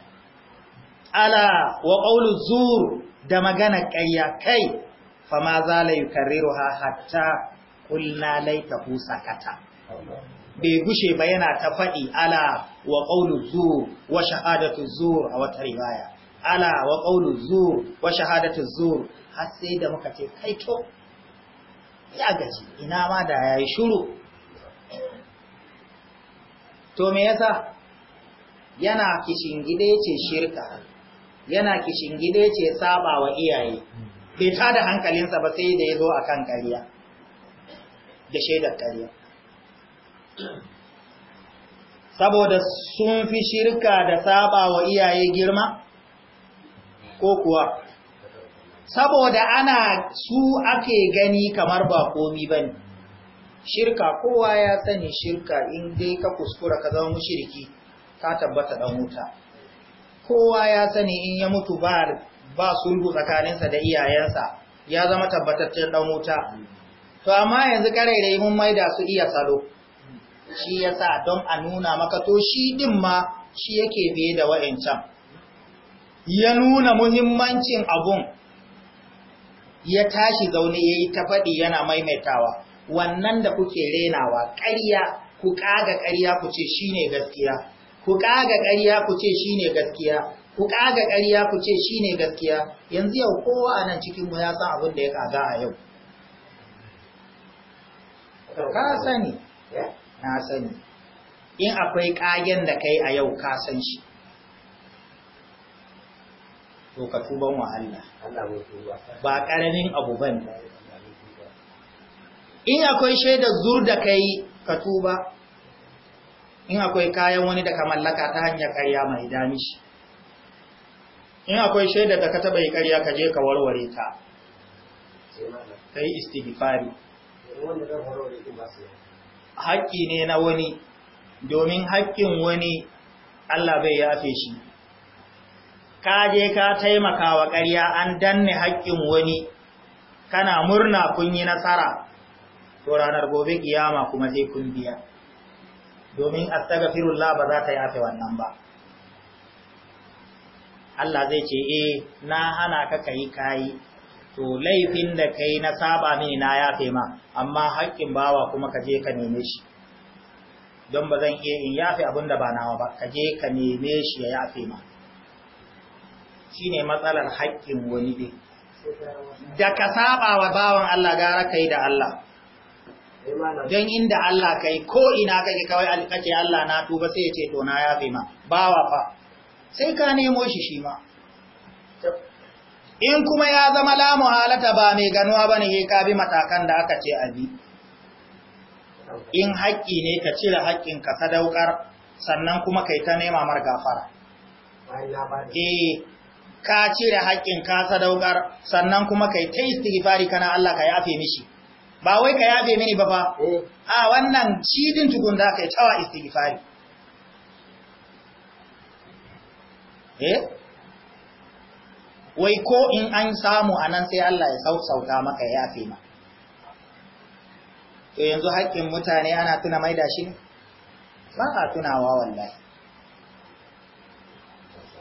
ala wa ƙaulu zur da magana ƙarya kai ma za la yukarriru ha hatta kulna laita hu bai gushe ba yana ta faɗi ala wa zu zur wa shahadatu zur a wata riwaya ala wa ƙaulu zur wa shahadatu zur har sai da muka ce kai to ya gaji ina ma da yayi shiru to me yasa yana kishingide ce shirka yana kishingide ce saba wa iyaye bai tada hankalinsa ba sai da ya zo a kan kariya, da shaidar kariya. saboda sun fi shirka da saba wa iyaye girma ko kuwa saboda ana su ake gani kamar ba komi ba ne shirka kowa ya sani shirka in dai ka kuskura ka zama mushiriki ka tabbata dan wuta kowa ya sani in ya mutu ba ba sulhu tsakaninsa da iyayensa ya zama tabbataccen dan wuta to amma yanzu da mun maida su iya salo shi yasa don a nuna maka to shi din ma shi yake biye da wa'ancan ya nuna muhimmancin abun ya tashi zaune yayi ta faɗi yana maimaitawa wannan da kuke renawa ƙarya ku kaga ƙarya ku ce shine gaskiya ku kaga ƙarya ku ce shine gaskiya ku kaga ƙarya ku ce shine gaskiya yanzu yau kowa a nan cikin mu ya san abin da ya kaga a yau ka sani na sani in akwai kagen da kai a yau ka san shi to ka tuban wa Allah ba karamin abu bane in akwai shaidar zur da kai ka tuba in akwai kayan wani da ka mallaka ta hanyar ƙarya mai dami shi in akwai shaidar da ka taɓa yi ƙarya ka je ka warware ta ka yi istighfari haƙƙi ne na wani domin haƙƙin wani Allah bai yafe shi ka je ka taimaka wa ƙarya an danne haƙƙin wani kana murna kun yi nasara to ranar gobe kiyama kuma sai kun biya domin astaghfirullah ba za ta yafe wannan ba Allah zai ce eh na hana ka kai kai to laifin da kai na saba mini na yafe ma amma haƙƙin bawa kuma ka je ka neme shi don ba zan iya in yafe abin da ba nawa ba ka je ka neme shi ya yafe ma shine matsalar haƙƙin wani din da ka saba wa bawan Allah gara kai da Allah don inda Allah kai ko ina kake kawai alkace Allah na tuba sai ya ce to na yafe ma bawa fa sai ka nemo shi shi ma in kuma ya zama la muhalata ba mai ganuwa bane ne ka bi matakan da aka ce abi in haƙƙi ne ka cire haƙƙin ka sadaukar sannan kuma kai ta nema mar gafara eh ka cire haƙƙin ka sadaukar sannan kuma kai ta istighfari kana Allah ka yafe mishi ba wai ka yabe mini ba ba? Eh. a wannan cidin tukun da kai tawa istighfari eh wai ko in an samu anan sai Allah ya sauka maka ya yafe ma to yanzu haƙƙin mutane ana tuna maida shi ne ba a tunawa wallahi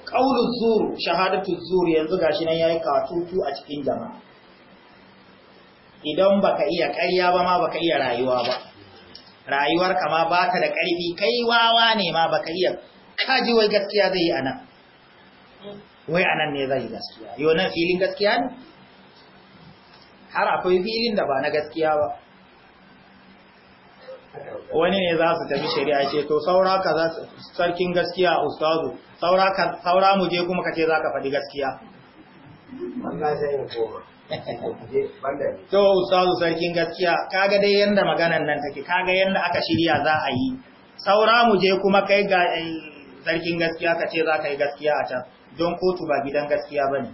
ƙaunin zuru shahadatu zuru yanzu gashi nan ya yi katutu a cikin jama'a idan baka iya ƙarya ba ma baka iya rayuwa ba rayuwar ka ma baka da ƙarfi kai wawa ne ma baka iya kaji wai gaskiya zai yi anan wai anan ne zai gaskiya yau nan filin gaskiya ne har akwai filin da ba na gaskiya ba wani ne za su tafi shari'a ce to saura ka za sarkin gaskiya ustazu saura mu je kuma ka ce za ka faɗi gaskiya to ustazu sarkin gaskiya kaga dai yanda maganan nan take kaga yanda aka shirya za a yi saura mu je kuma kai ga eh, sarkin gaskiya ka ce za ka yi gaskiya a can don kotu ba gidan gaskiya ba ne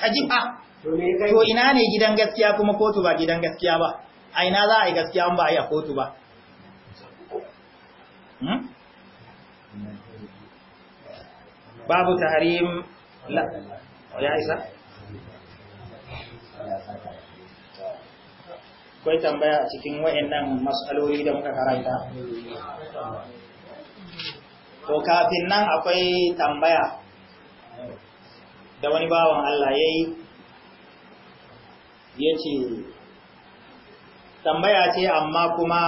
ka ji ba to ina ne gidan gaskiya kuma kotu ba gidan gaskiya ba a ina za a yi gaskiya ba a yi a kotu ba hmm? babu taharim ya isa akwai tambaya a cikin wa'in wayannan matsaloli da muka karanta to kafin nan akwai tambaya da wani bawan Allah ya ce. tambaya ce amma kuma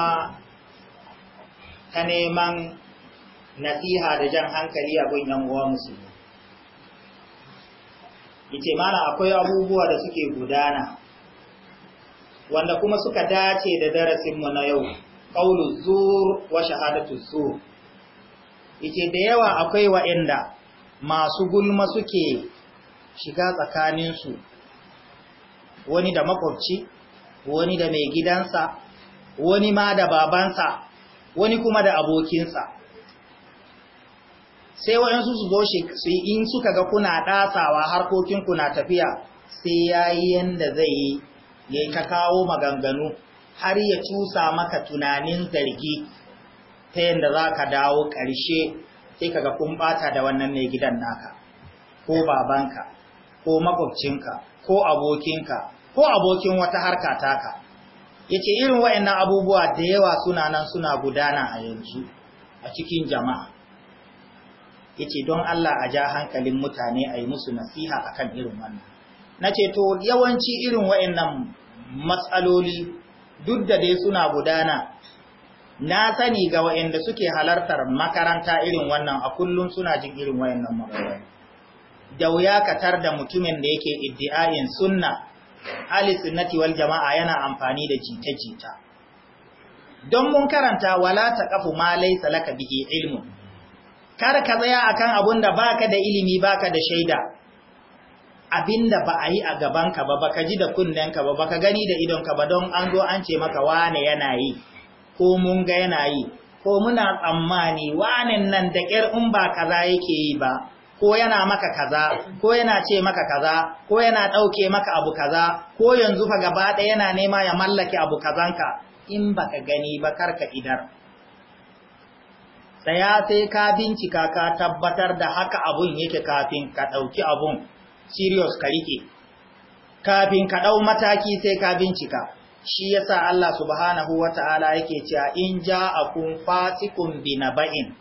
ta neman nasiha da jan hankali a gun uwa musulmi yace mana akwai abubuwa da suke gudana wanda kuma suka dace da darasin mu na yau ƙaunu zur wa shahadatu zur yace da yawa akwai waɗanda masu gulma suke shiga tsakaninsu wani da makwabci wani da mai gidansa wani ma da babansa wani kuma da abokinsa sai waɗansu su zo shi in suka ga kuna ɗasawa harkokinku na tafiya sai ya yi yadda zai yi ya yi ta kawo maganganu har ya cusa maka tunanin zargi ta yadda za ka dawo ƙarshe sai ka ga kun ɓata da wannan mai gidan naka ko babanka ko makwabcinka ko abokinka ko abokin wata harka taka ya ce irin waɗannan abubuwa da yawa suna nan suna gudana a yanzu a cikin jama'a yace don Allah a ja hankalin mutane a yi musu nasiha akan irin wannan nace to yawanci irin waɗannan matsaloli duk da dai suna gudana na sani ga waɗanda suke halartar makaranta irin wannan a kullum suna jin irin waɗannan matsaloli da wuya katar da mutumin da yake iddi'ayin sunna ahli sunnati wal jama'a yana amfani da jita-jita don mun karanta wala taqafu ma laysa laka bihi ilmun kar ka tsaya akan abun da baka da ilimi baka da shaida abinda ba a yi a gaban ka ba baka ji da ka ba baka gani da idonka ba don an zo an ce maka wane yana yi ko mun ga yana yi ko muna tsammani wanen nan da kyar in ba kaza yake yi ba ko yana maka kaza ko yana ce maka kaza ko yana ɗauke maka abu kaza ko yanzu fa gaba ɗaya yana nema ya mallake abu kazan ka? in baka gani ba karka idar tsaya sai ka bincika ka tabbatar da haka abun yake kafin ka ɗauki abun serious ka rike kafin ka ɗau mataki sai ka bincika shi yasa Allah subhanahu wata'ala yake cewa in kun fasikun binaba'in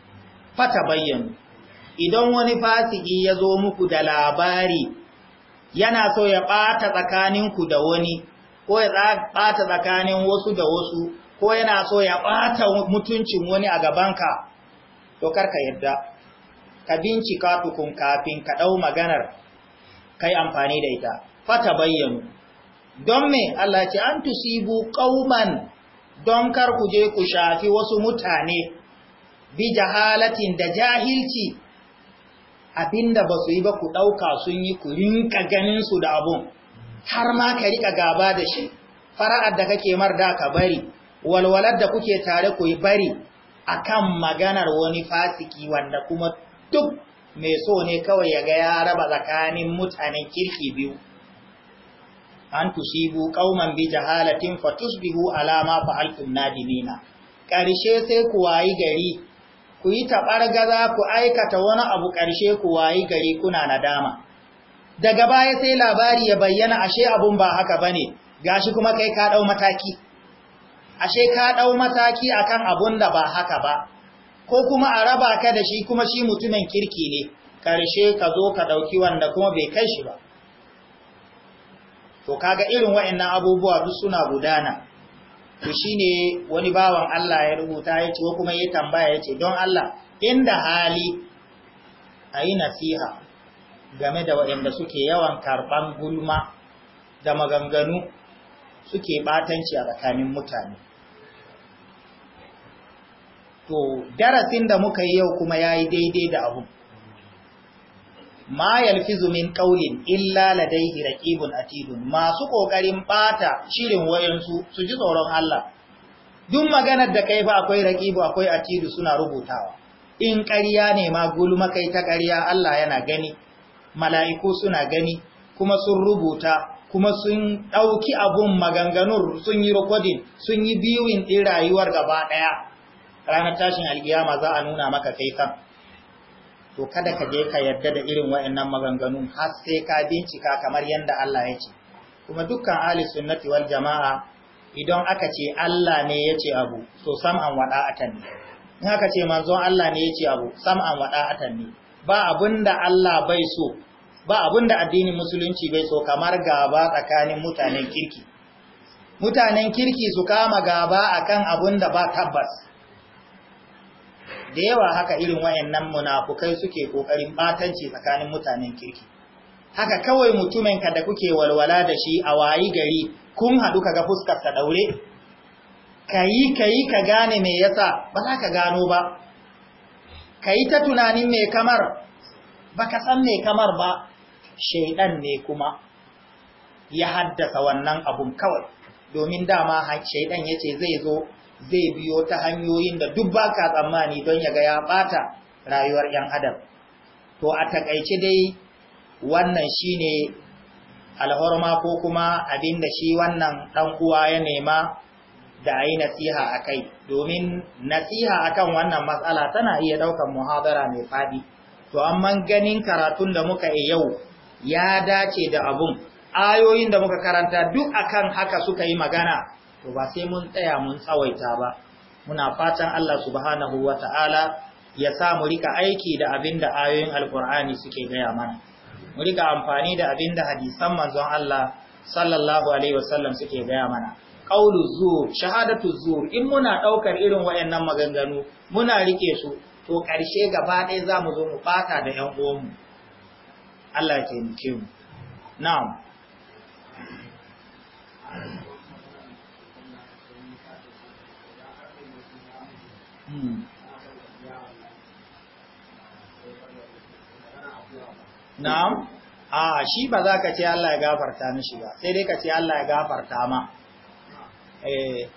Fata bayyan idan wani fasiki ya zo muku da labari yana so ya ɓata tsakaninku da wani ko ya ɓata tsakanin wasu da wasu ko yana so ya ɓata mutuncin wani a gabanka to karka yadda ka bincika tukun kafin ka ɗau maganar kai amfani da ita fata bayyanu don me Allah ce an tusibu qauman don kar ku je ku shafi wasu mutane bi jahalatin da jahilci abinda ba su yi ba ku ɗauka sun yi ku rinka ganin su da abun har ma ka rika gaba da shi fara'ar da kake mar da ka bari walwalar da kuke tare ku yi bari akan maganar wani fasiki wanda kuma duk mai so ne kawai yaga ya raba tsakanin mutanen kirki biyu an tusibu qauman bi jahalatin tusbihu ala ma fa'altum nadimina karshe sai ku wayi gari ku yi gaza ku aikata wani abu karshe ku wayi gari kuna nadama daga baya sai labari ya bayyana ashe abun ba haka bane gashi kuma kai ka dau mataki ashe ka ɗau mataki akan abun da ba haka ba ko kuma a raba ka da shi kuma shi mutumin kirki ne ƙarshe ka zo ka ɗauki wanda kuma bai kai shi ba to kaga irin waɗannan abubuwa duk suna gudana to shine wani bawan Allah ya rubuta ya ce kuma ya tambaya ya ce don Allah inda hali a yi nasiha game da waɗanda suke yawan karɓan gulma da maganganu suke ɓatanci a tsakanin mutane to darasin da muka yi yau kuma ya yi daidai da abu ma yalfizu min qawlin illa ladaihi raqibun atidun masu ƙoƙarin ɓata shirin wayansu su ji tsoron Allah duk maganar da kai ba, akwai raqibu akwai atidu suna rubutawa in ƙarya ne ma gulma kai ta ƙarya Allah yana gani mala'iku suna gani kuma sun rubuta kuma sun ɗauki abun maganganun sun yi rikodin sun yi biyuwin ɗin rayuwar gaba ɗaya ranar tashin alkiyama za a nuna maka kai kan to kada ka je ka yarda da irin waɗannan maganganun har sai ka bincika kamar yadda Allah ya ce kuma dukkan ahli sunnati wal jama'a idan aka ce Allah ne ya ce abu to sam sam'an wada'atan ne in aka ce manzon Allah ne ya ce abu sam'an wada'atan ne ba abinda Allah bai so ba abinda addinin musulunci bai so kamar gaba tsakanin mutanen kirki mutanen kirki su kama gaba akan abinda ba tabbas da yawa haka irin wayannan munafukai suke kokarin batanci tsakanin mutanen kirki haka kawai mutumin ka da kuke walwala da shi a wayi gari kun hadu kaga fuskar sa daure kayi kayi ka gane me yasa ba za ka gano ba kayi ta tunanin me kamar baka san me kamar ba shaidan ne kuma ya haddasa wannan abun kawai domin dama shaidan yace zai zo zai biyo ta hanyoyin da duk baka tsammani don ya ga ya bata rayuwar ‘yan adam. To, a takaice dai wannan shi ne alhorma ko kuma abin da shi wannan ɗan uwa ya nema da a yi nasiha a kai, domin nasiha a kan wannan matsala tana iya ɗaukan muhadara mai faɗi. To, amma ganin karatun da muka yi yau ya dace da abun, ayoyin da muka karanta duk akan haka suka yi magana to ba sai mun tsaya mun tsawaita ba muna fatan Allah subhanahu wata'ala ya sa mu rika aiki da abin da ayoyin alkur'ani suke gaya mana mu rika amfani da abin da hadisan manzon Allah sallallahu alaihi wasallam suke gaya mana qaulu zu, shahadatu zu, in muna daukar irin wayannan maganganu muna rike su to karshe gaba ɗaya mu zo mu fata da ƴan uwanmu Allah ya taimake mu na'am na'am a shi ba za ka ce Allah ya gafarta mishi ba sai dai ka ce Allah ya gafarta ma eh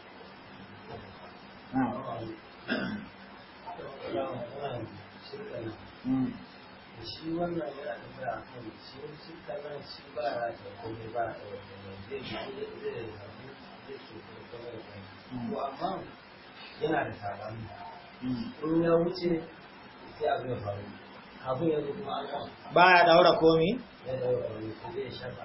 yana da sabani in ya wuce sai abu ya faru abu ya zo kuma ba ya daura komi ya daura komi sai zai sha ba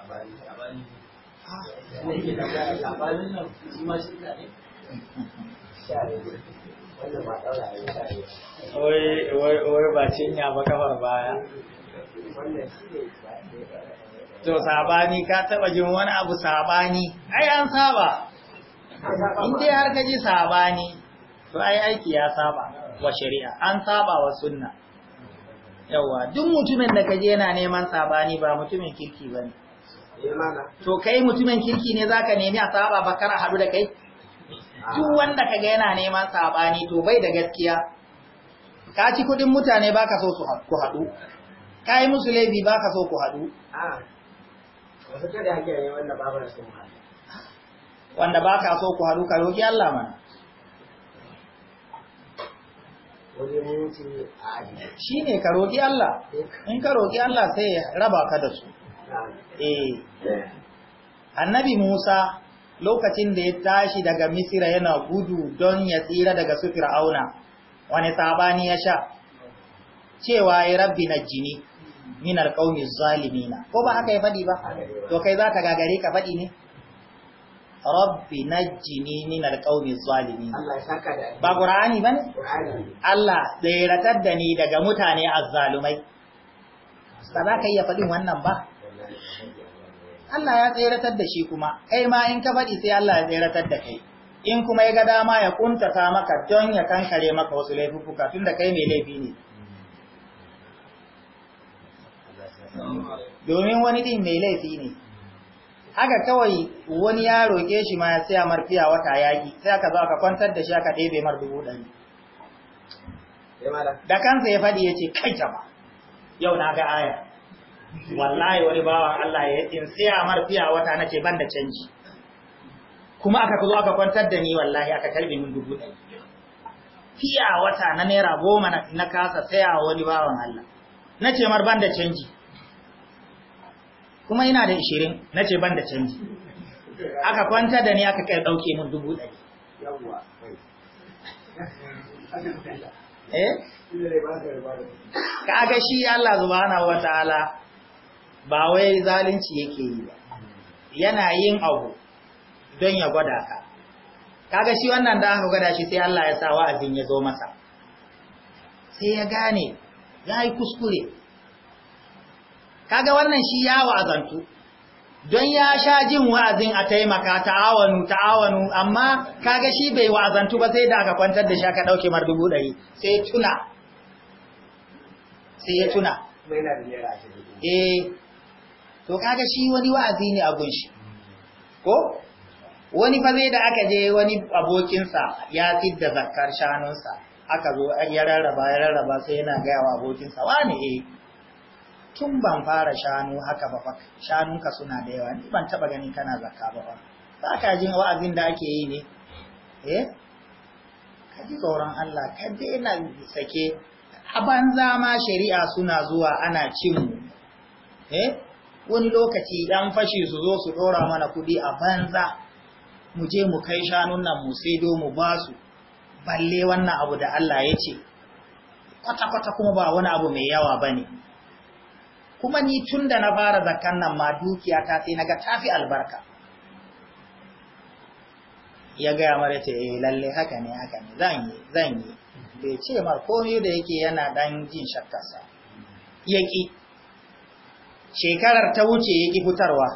daura ba cinya baya to sabani ka taba jin wani abu sabani ai an saba in dai har ka ji sabani to ai aiki ya saba wa shari'a an saba wa sunna yawa duk mutumin da kaje yana neman sabani ba mutumin kirki bane eh, to kai mutumin kirki ne zaka nemi a saba ba kar a hadu da kai duk wanda kaga yana neman sabani to bai da gaskiya ka ci kudin mutane baka so su ku hadu kai musu laifi baka so ku hadu wanda baka so ku hadu ka roki Allah mana shi ne ka roƙi Allah in ka roƙi Allah sai ya raba ka da su eh annabi Musa lokacin da ya tashi daga Misira yana gudu don ya tsira daga su Fir'auna wani sabani ya sha cewa ya rabbi na jini min alqawmi zalimina ko ba haka ya fadi ba to kai zaka gagare ka faɗi ne rabbi najjini ƙaunin alqawmi zalimin ba ba ne? Allah tseratar da ni daga mutane a zalumai. ba za ka iya faɗin wannan ba Allah ya tseratar da shi kuma kai ma in ka faɗi sai Allah ya tseratar da kai in kuma ya ga dama ya kuntata maka don ya kankare maka wasu laifuka tun da kai mai laifi ne domin wani din mai laifi ne haka kawai wani ya roƙe shi ma ya tsaya marfiya wata yaƙi sai aka zo aka kwantar da shi aka ɗebe mar dubu ɗari eh, da kansa ya faɗi ya ce kai jama yau na ga aya wallahi wani bawan Allah ya in tsaya marfiya wata na ce ban da canji kuma aka zo aka kwantar da ni wallahi aka karbe min dubu ɗari fiya wata na naira goma na kasa tsaya wani bawan Allah na ce mar ban da canji kuma ina da ishirin nace ce ban da canji aka kwanta da ni aka kai ɗauke mun dubu ɗari eh? Ka ga shi Allah subhanahu wataala ba wai zalunci yake yi ba yana yin abu don ya gwada ka kaga shi wannan da aka gwada shi sai Allah ya sa wa'azin ya zo masa sai ya gane yayi kuskure kaga wannan shi ya wa'azantu don ya sha jin wa'azin a taimaka ta'awanu ta'awanu amma kaga shi bai wa'azantu ba sai da aka kwantar da shi aka dauke mar dubu ɗari sai tuna sai ya tuna eh to kaga shi wani wa'azi ne a gunshi ko wani fa zai da aka je wani abokinsa ya da zakar shanunsa aka zo ya rarraba ya rarraba sai yana gaya wa abokinsa wani eh tun ban fara shanu haka ba fa shanunka suna da yawa ni ban taba ganin kana zakka ba fa ba ka jin wa'azin da ake yi ne eh ka ji tsoron Allah ka daina sake a banza ma shari'a suna zuwa ana cin mu eh wani lokaci dan fashi su zo su dora mana kudi a banza mu je mu kai shanun nan mu sai do mu basu balle wannan abu da Allah ya ce kwata-kwata kuma ba wani abu mai yawa bane kuma ni tun da na fara zakan nan ma dukiya ta sai naga tafi albarka ya gaya mara ta eh lalle haka ne haka ne zan yi zan yi bai ce ma komai da yake yana dan jin shakkarsa yaki shekarar ta wuce yaki fitarwa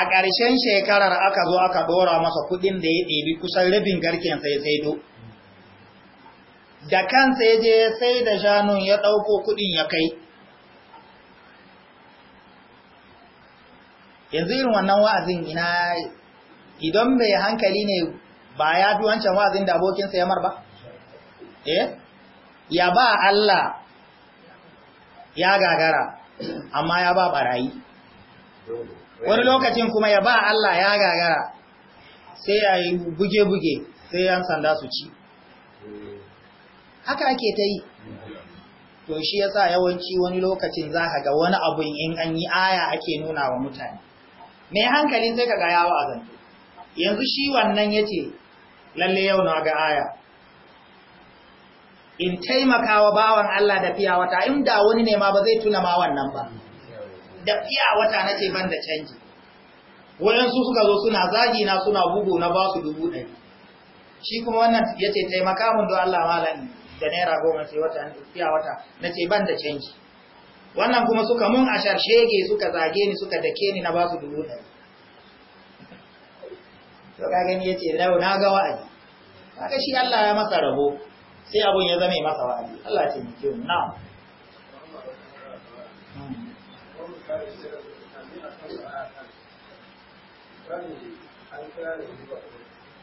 a ƙarshen shekarar aka zo aka dora masa kuɗin da ya ɗebi kusan rabin garken sai sai do da kansa ya je sai da shanun ya ɗauko kuɗin ya kai yanzu irin wannan wa'azin ina idan mai hankali ne ba ya fi wancan wa'azin da abokinsa ya mar ba eh ya ba Allah ya gagara amma ya ba barayi wani lokacin kuma ya ba Allah ya gagara sai ya yi buge-buge sai yan sanda su ci haka ake ta yi to shi yasa yawanci wani lokacin za ka ga wani abu in an yi aya ake nuna wa mutane mai hankali sai ka ga yawo a zanto yanzu shi wannan ya ce lalle yau na ga aya in taimaka wa bawan Allah da fiya wata in da wani ne ma ba zai tuna ma wannan ba da fiya wata na ce ban da canji waɗansu suka zo suna zagi na suna bugu na ba su dubu ɗari shi kuma wannan ya ce taimaka mun don Allah malam da naira goma sai wata fiya wata na ce ban da canji wannan kuma suka mun a sharshege suka zage ni suka dake ni na ba su dubu ɗari to ka gani ya ce na ga wa'azi kaga shi Allah ya masa rabo sai abun ya zame masa wa'azi Allah ce mu kiyo na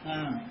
Hmm. hmm.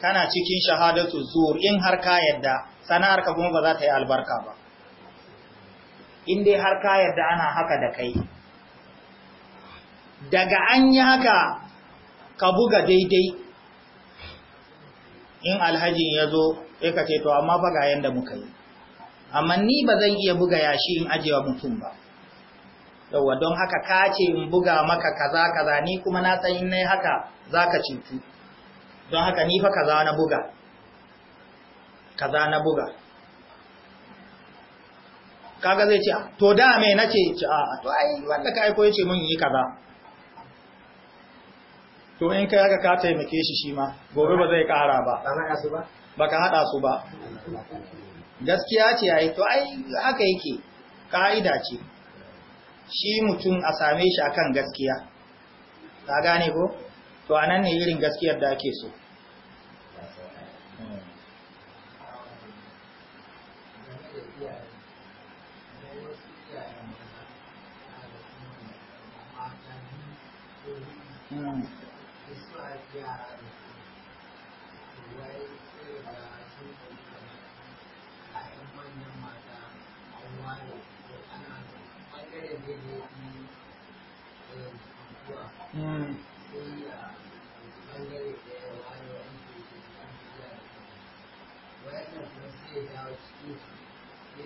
kana cikin shahadatu zuwa in har ka yadda sana'ar ka kuma ba za ta yi albarka ba in dai har ka yadda ana haka da kai daga an yi haka ka buga daidai in alhaji ya zo ya kace to amma ba ga yanda muka yi amma ni ba zan iya buga yashi in ajewa mutum ba yawa don haka ka ce in buga maka kaza kaza ni kuma na san in nayi haka zaka cutu don haka ni fa kaza na buga kaza na buga kaga zai ce ah, to da me nace ce a ah, to ai wanda ka aiko yace mun yi kaza to in kai haka ka taimake shi shi ma gobe ba zai kara ba ba ka hada su ba gaskiya ce ai to ai haka yake ka'ida ce shi mutum a same shi akan gaskiya ka gane ko to a nan ne irin gaskiyar da ake so Mm.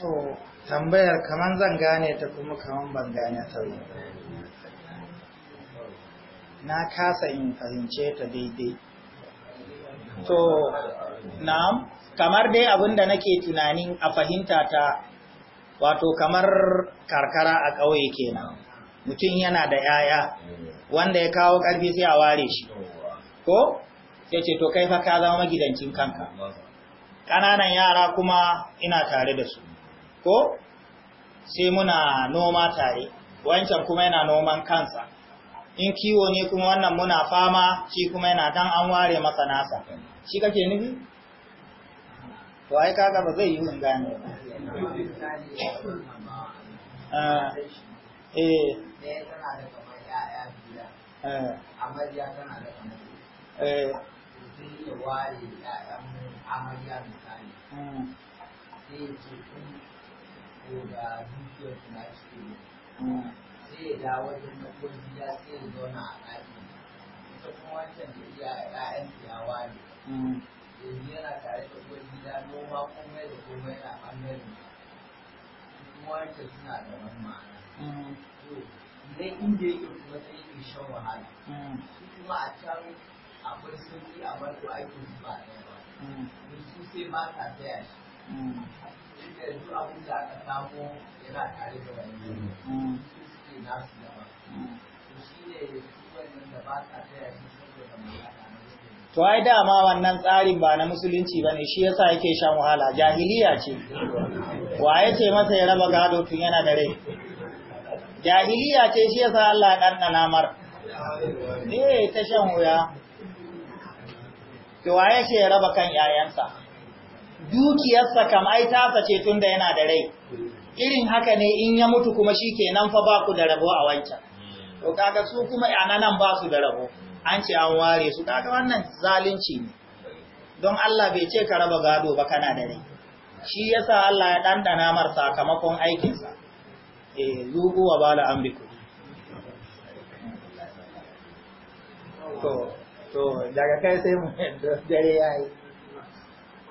to tambayar kaman zan gane ta kuma kaman ban gane ta na kasa in fahimce ta daidai to na'am kamar dai abin da nake tunanin a fahimta ta wato kamar karkara a ƙauye kenan mutum yana da yaya wanda ya kawo ƙarfi sai a ware shi ko sai ce to kai fa ka zama magidancin kanka ƙananan yara kuma ina tare da su ko sai muna noma tare wancan kuma yana noman kansa in kiwo ne kuma wannan muna fama shi kuma yana dan an ware masa nasa shi kake nufi to ai kaga ba zai yi mun gane ba eh eh, eh. eh. da dukiyar su na ciki ya wajen na gida sai ya zauna a ɗakin ita kuma wancan iya tare da gida noma ko da komai na ɓangaren kuma wancan suna yake yake wahala su kuma a can akwai sauki a barko aikin su ba ɗaya ba su sai ba ta taya shi Mm. To ai dama wannan tsarin ba na musulunci ba ne shi yasa yake shan wahala jahiliya ce. Wa ya ce masa ya raba gado tun yana da rai? Jahiliya ce shi yasa Allah ɗanɗana mar. Eh ta shan wuya. To wa ya ce ya raba kan ‘ya'yansa? dukiyarsa kam ai tasa ce da yana da rai irin haka ne in ya mutu kuma shi kenan fa ba ku da rabo a wancan to kaga su kuma ananan ba su da rabo an ce an ware su kaga wannan zalunci ne don Allah bai ce ka raba gado ba kana da rai shi yasa Allah ya dandana mar sakamakon aikinsa eh zugu wa bala amriku to to daga kai sai mu dare yayi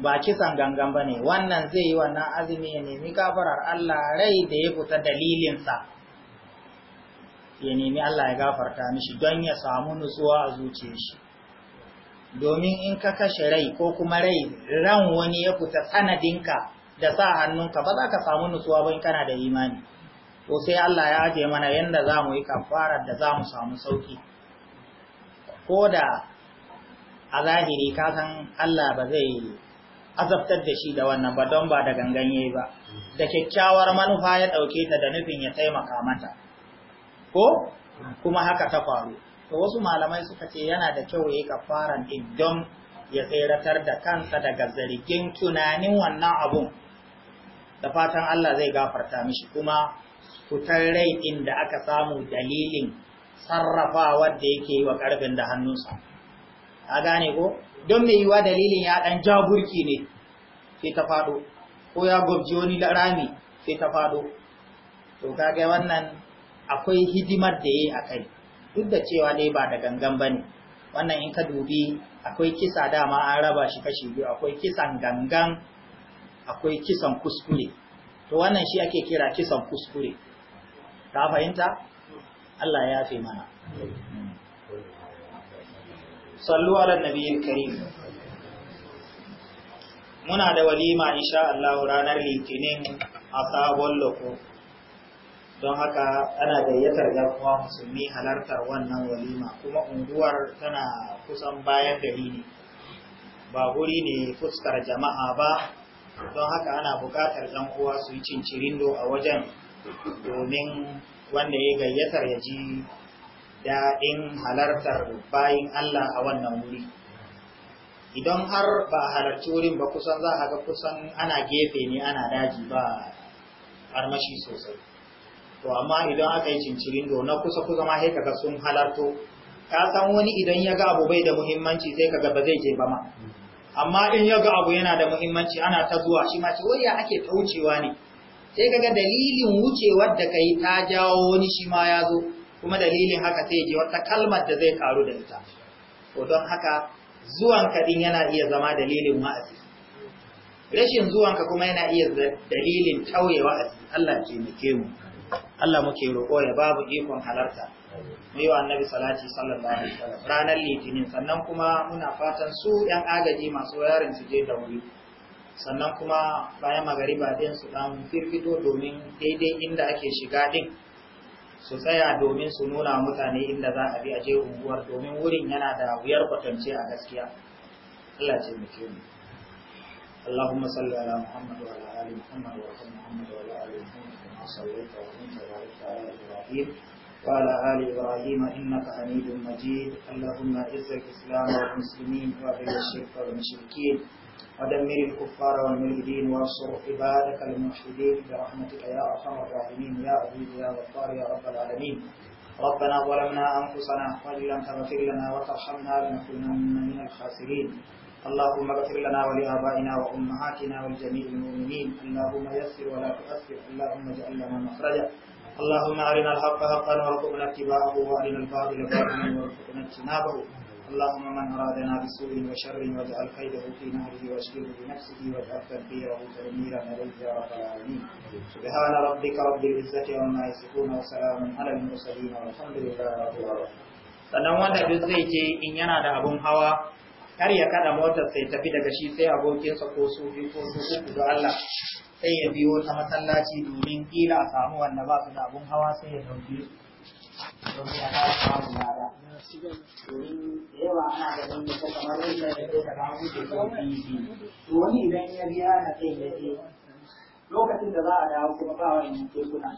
ba kisan gangan ba ne wannan zai yi wannan azumi ya nemi gafarar Allah rai da ya fita dalilinsa ya nemi Allah ya gafarta mishi don ya samu nutsuwa a zuciyar shi domin in ka kashe rai ko kuma rai ran wani ya fita sanadinka da sa hannunka ba za ka samu nutsuwa ba in kana da imani to sai Allah ya ajiye mana yadda za mu yi kafarar da za mu samu sauki ko da a zahiri ka san Allah ba zai azabtar da shi da wannan ba don ba da ganganye ba da kyakkyawar manufa ya ɗauke ta da nufin ya taimaka mata ko kuma haka ta faru to wasu malamai suka ce yana da kyau ya yi kafaran idan ya tseratar da kansa daga zargin tunanin wannan abun da fatan Allah zai gafarta mishi kuma fitar rai ɗin da aka samu dalilin sarrafa da yake yi wa ƙarfin da hannunsa. a gane ko don mai yiwa dalilin ya ɗan jaburki ne sai ta faɗo ko ya gwabji wani rami sai ta faɗo to kaga wannan akwai hidimar da yayi akai a kai duk da cewa dai ba da gangan bane wannan in ka dubi akwai kisa dama an raba shi kashi biyu akwai kisan gangan akwai kisan kuskure to wannan shi ake kira kisan kuskure ta fahimta Allah ya yafe mana sallu ala nabiyil karim muna da walima insha Allah ranar litinin a sabon loko don haka ana gayyatar garkuwa musulmi halartar wannan walima kuma unguwar tana kusan bayan gari ne ba guri ne fuskar jama'a ba don haka ana buƙatar ɗan uwa su yi cincirindo a wajen domin wanda ya gayyatar ya ji daɗin halartar bayin Allah a wannan wuri. Idan har ba halarci wurin ba kusan za a ga kusan ana gefe ne ana daji ba armashi sosai. To amma idan aka yi cincirin do na kusa kusa ma sai kaga sun halarto. Ka san wani idan ya ga abu bai da muhimmanci sai ka ga ba zai je ba ma. Amma in ya ga abu yana da muhimmanci ana ta zuwa shi ma ce ake ta ne. Sai ka ga dalilin wucewar da ka yi ta jawo wani shi ma ya zo. kuma dalilin haka sai ji wata kalmar da zai karu da ita to don haka zuwan ka din yana iya zama dalilin ma'asi rashin zuwan ka kuma yana iya dalilin tauyewa wa'azi Allah ke muke mu Allah muke roƙo ya babu ikon halarta mu yi wa annabi salati sallallahu alaihi wasallam ranar litinin sannan kuma muna fatan su yan agaji masu yarin su je da wuri sannan kuma bayan magariba din su dan firfito domin daidai inda ake shiga din su tsaya domin su nuna mutane inda za a bi a je unguwar domin wurin yana da wuyar kwatance a gaskiya Allah ce mu ce Allahumma salli ala Muhammad wa ala ali Muhammad wa ala Muhammad wa ala ali Muhammad kama sallaita wa anta wa ala Ibrahim wa ala ali Ibrahim innaka Hamidum Majid Allahumma izzil Islam wal muslimin wa bil shirki wal mushrikeen ودمر الكفار والملحدين وانصر عبادك الموحدين برحمتك يا ارحم الراحمين يا عزيز يا غفار يا رب العالمين ربنا ظلمنا انفسنا وان لم تغفر لنا وترحمنا لنكونن من الخاسرين اللهم اغفر لنا ولآبائنا وأمهاتنا ولجميع المؤمنين اللهم يسر ولا تؤثر اللهم اجعل لنا مخرجا اللهم أرنا الحق حقا وارزقنا اتباعه وأرنا الباطل باطلا وارزقنا اجتنابه اللهم من أرادنا بسوء وشر واجعل خيره في نهره واشكره بنفسه واجعل تدبيره تدميرا عليك يا رب العالمين سبحان ربك رب العزة عما يصفون وسلام على المرسلين والحمد لله رب العالمين sannan wanda duk zai ce in yana da abun hawa kar ya kada motar sai tafi daga shi sai abokinsa ko su biyu ko su uku ga Allah sai ya biyo ta masallaci domin kila a samu wanda ba su da abun hawa sai ya dauke domin ya kawo samu lada domin da yawa ana ganin ta kamar yadda da kai ta ba lokacin da za a dawo kuma ba wani tekuna